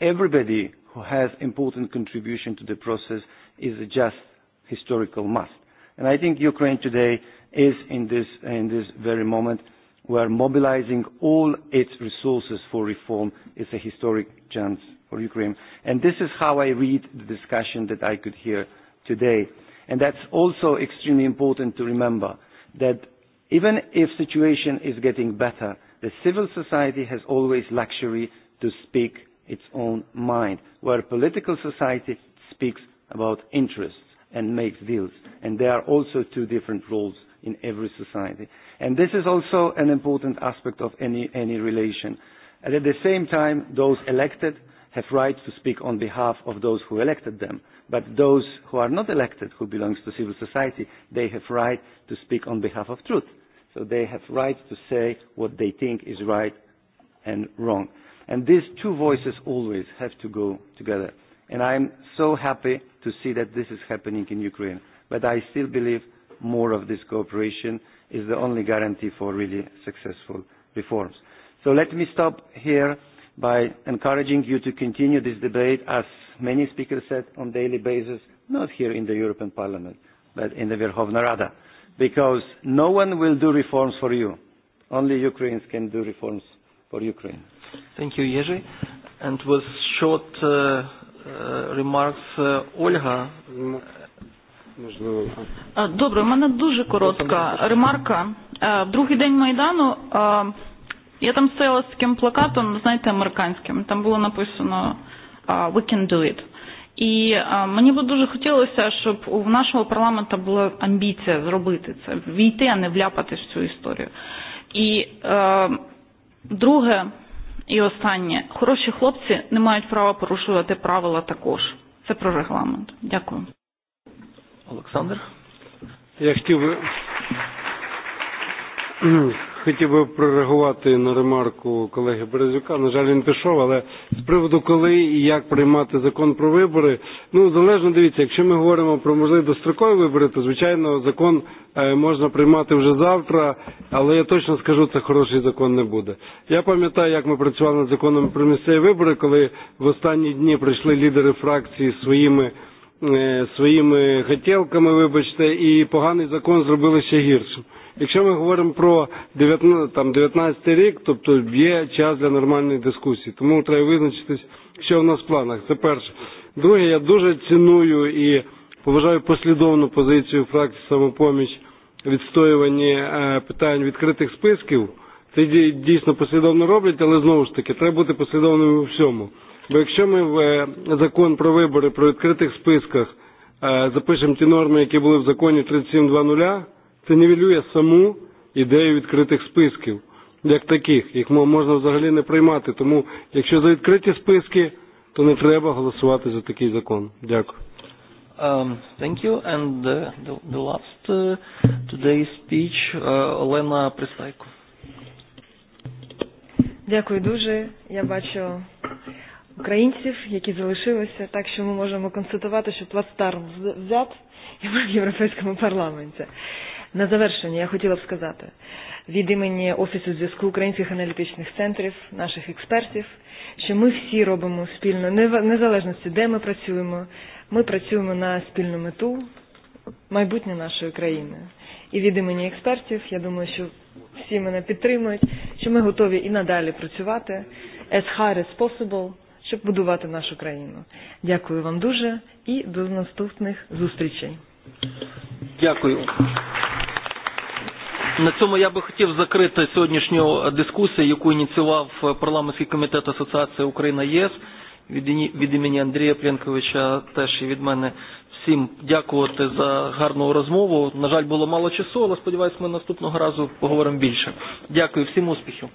S4: everybody who has important contribution to the process is a just historical must. And I think Ukraine today is in this, in this very moment where mobilizing all its resources for reform is a historic chance for Ukraine. And this is how I read the discussion that I could hear today. And that's also extremely important to remember that even if situation is getting better, the civil society has always luxury to speak its own mind, where political society speaks about interests and makes deals. And there are also two different roles in every society. And this is also an important aspect of any, any relation. And at the same time, those elected have right to speak on behalf of those who elected them. But those who are not elected, who belongs to civil society, they have right to speak on behalf of truth. So they have right to say what they think is right and wrong. And these two voices always have to go together. And I'm so happy to see that this is happening in Ukraine. But I still believe more of this cooperation is the only guarantee for really successful reforms. So let me stop here by encouraging you to continue this debate, as many speakers said, on a daily basis, not here in the European Parliament, but in the Verkhovna Rada, because no one will do reforms for you. Only Ukrainians can do reforms for Ukraine.
S3: Thank you, Jerzy. And with short... Uh Э, remarks. Э, Ольга.
S7: Добре, в мене дуже коротка ремарка. В другий день Майдану я там стояла з таким плакатом, знаєте, американським. Там було написано «We can do it». І мені би дуже хотілося, щоб у нашого парламенту була амбіція зробити це, війти, а не вляпатись в цю історію. І друге, І останнє. Хороші хлопці не мають права порушувати правила також. Це про регламент. Дякую.
S1: Олександр? Я хотів би хотів би прореагувати на ремарку колеги Березюка. На жаль, він пішов, але з приводу коли і як приймати закон про вибори, ну залежно дивіться, якщо ми говоримо про можливі дострокові вибори, то звичайно закон можна приймати вже завтра, але я точно скажу, це хороший закон не буде. Я пам'ятаю, як ми працювали над законом про місцеві вибори, коли в останні дні прийшли лідери фракції своїми своїми хотілками, вибачте, і поганий закон зробили ще гіршим. Якщо ми говоримо про 19, там, 19 рік, тобто є час для нормальної дискусії. Тому треба визначитись, що в нас в планах. Це перше. Друге, я дуже ціную і поважаю послідовну позицію фракції «Самопоміч» відстоюванні э, питань відкритих списків. Це дійсно послідовно роблять, але знову ж таки, треба бути послідовним у всьому. Бо якщо ми в закон про вибори, про відкритих списках запишемо ті норми, які були в законі 37.2.0, Це нівелює саму ідею відкритих списків, як таких, їх можна взагалі не приймати. Тому, якщо за відкриті списки, то не треба голосувати за такий закон. Дякую. Um,
S3: thank you. And uh, the, the last uh, today's speech, uh, Олена Присайко. Дякую дуже. Я бачу українців, які залишилися, так що ми можемо констатувати, що плацтарм взят в Європейському парламенті. На завершення я хотіла б сказати від імені Офісу зв'язку українських аналітичних центрів, наших експертів, що ми всі робимо спільно, незалежності, де ми працюємо, ми працюємо на спільну мету майбутнє нашої країни. І від імені експертів, я думаю, що всі мене підтримують, що ми готові і надалі працювати as hard as possible, щоб будувати нашу країну. Дякую вам дуже і до наступних зустрічей. Дякую. На цьому я би хотів закрити сьогоднішню дискусію, яку ініціював парламентський комітет Асоціації Україна ЄС від імені Андрія Пленковича теж і від мене всім дякувати за гарну розмову. На жаль, було мало часу, але сподіваюся, ми наступного разу поговоримо більше. Дякую, всім успіхів.